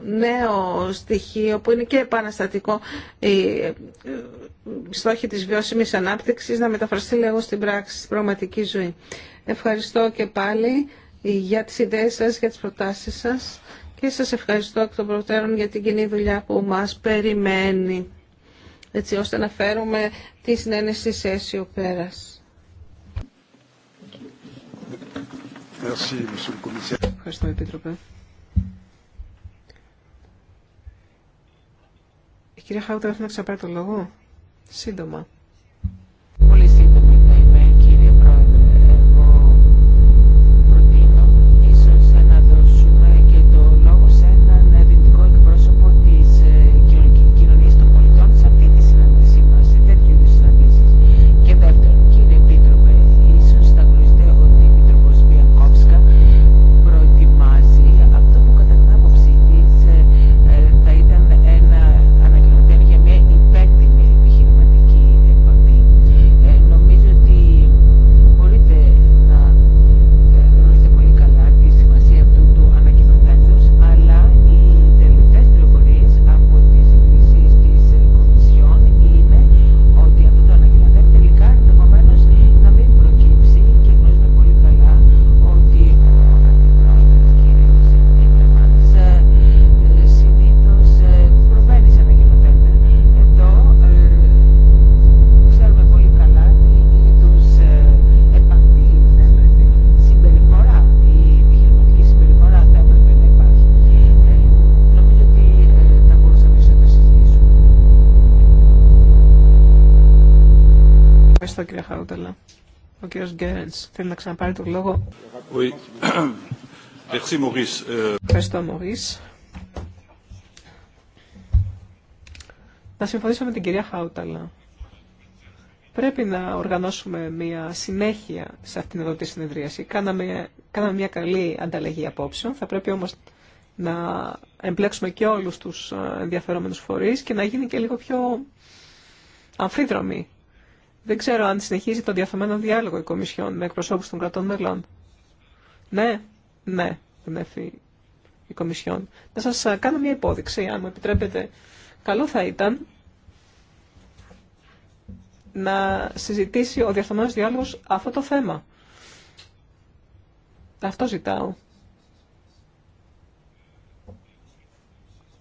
νέο στοιχείο που είναι και επαναστατικό η ε, στόχη της βιώσιμης ανάπτυξης να μεταφραστεί λίγο στην πράξη, στην πραγματική ζωή. Ευχαριστώ και πάλι για τις ιδέες σας, για τις προτάσεις σας και σας ευχαριστώ εκ των προτέρων για την κοινή δουλειά που μας περιμένει έτσι ώστε να φέρουμε τη συνένεση σε αίσιο πέρας. Ευχαριστώ, Επίτροπε. Κύριε Χάουτα, θα να ξαναπάρει το λόγο. Σύντομα. Ο κύριος Γκέρεντς θέλει να ξαναπάρει το λόγο. Ε, Ευχαριστώ, Να συμφωνήσω με την κυρία Χάουταλα. Πρέπει να οργανώσουμε μια συνέχεια σε αυτήν εδώ τη συνεδρίαση. Κάναμε, κάναμε μια καλή ανταλλαγή απόψεων. Θα πρέπει όμως να εμπλέξουμε και όλους τους ε, ενδιαφερόμενους φορείς και να γίνει και λίγο πιο αμφίδρομη δεν ξέρω αν συνεχίζει το διαθέμενο διάλογο η Κομισιόν με εκπροσώπους των κρατών μελών. Ναι, ναι, γνέφει η Κομισιόν. Να σας κάνω μια υπόδειξη, αν μου επιτρέπετε. Καλό θα ήταν να συζητήσει ο διαθέμενος διάλογος αυτό το θέμα. Αυτό ζητάω.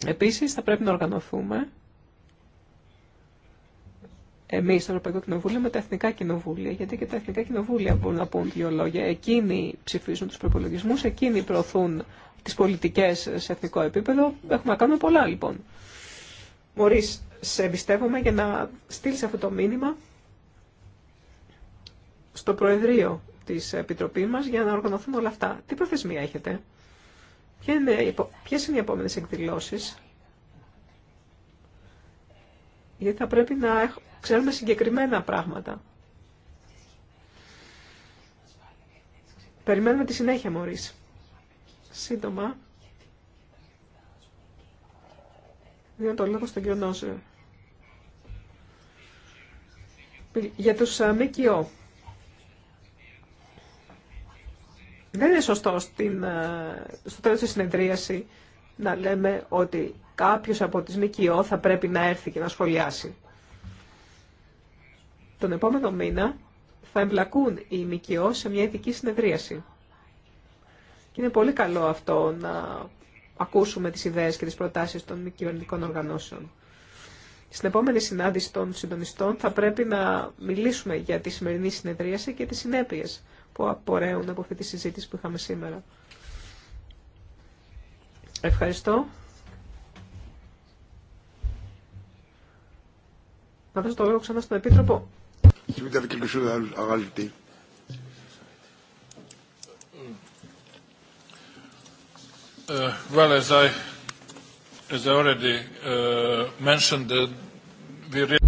Επίσης θα πρέπει να οργανωθούμε εμεί στο Ευρωπαϊκό Κοινοβούλιο με τα Εθνικά Κοινοβούλια. Γιατί και τα Εθνικά Κοινοβούλια μπορούν να πούν δύο λόγια. Εκείνοι ψηφίζουν του προπολογισμού, εκείνοι προωθούν τι πολιτικέ σε εθνικό επίπεδο. Έχουμε να κάνουμε πολλά λοιπόν. Μωρή, σε εμπιστεύομαι για να στείλει αυτό το μήνυμα στο Προεδρείο τη Επιτροπή μα για να οργανωθούν όλα αυτά. Τι προθεσμία έχετε, Ποιε είναι οι επόμενε εκδηλώσει, γιατί θα πρέπει να ξέρουμε συγκεκριμένα πράγματα. Περιμένουμε τη συνέχεια, Μωρίς. Σύντομα. Δίνω το λόγο στον κύριο Για τους ΜΚΟ. Δεν είναι σωστό στην, στο τέλος της συνεδρίαση να λέμε ότι κάποιος από τις ΜΚΟ θα πρέπει να έρθει και να σχολιάσει τον επόμενο μήνα θα εμπλακούν οι ΜΚΟ σε μια ειδική συνεδρίαση. Και είναι πολύ καλό αυτό να ακούσουμε τις ιδέες και τις προτάσεις των μη κυβερνητικών οργανώσεων. Στην επόμενη συνάντηση των συντονιστών θα πρέπει να μιλήσουμε για τη σημερινή συνεδρίαση και τις συνέπειες που απορρέουν από αυτή τη συζήτηση που είχαμε σήμερα. Ευχαριστώ. Να δώσω το λόγο ξανά στον Επίτροπο Si vous avez quelque chose à rajouter. Uh, Well, as I as I already uh, mentioned, uh, we really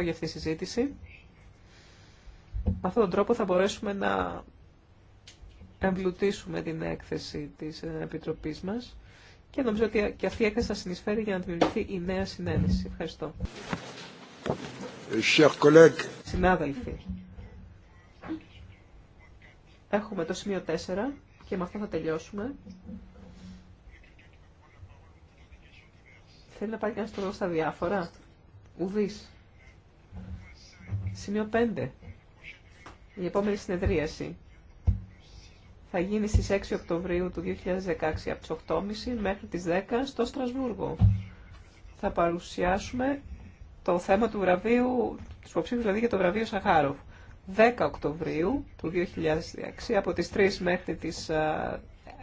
ευχαριστώ για αυτή τη συζήτηση. Με αυτόν τον τρόπο θα μπορέσουμε να εμπλουτίσουμε την έκθεση της Επιτροπής μας και νομίζω ότι και αυτή η έκθεση θα συνεισφέρει για να δημιουργηθεί η νέα συνένεση. Ευχαριστώ. Συνάδελφοι, έχουμε το σημείο 4 και με αυτό θα τελειώσουμε. Θέλει να πάει κανένα τώρα στα διάφορα. Ουδής. Σημείο 5. Η επόμενη συνεδρίαση θα γίνει στις 6 Οκτωβρίου του 2016 από τις 8.30 μέχρι τις 10 στο Στρασβούργο. Θα παρουσιάσουμε το θέμα του βραβείου, του υποψήφιου δηλαδή για το βραβείο Σαχάροφ. 10 Οκτωβρίου του 2016 από τις 3 μέχρι τις 6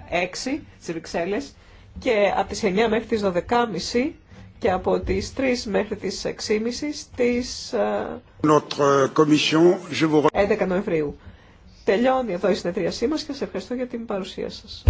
ε, στις Βρυξέλλες και από τις 9 μέχρι τις 12.30 και από τις 3 μέχρι τις 6.30 στις 11 Νοεμβρίου. Τελειώνει εδώ η συνεδρίασή μας και σας ευχαριστώ για την παρουσία σας.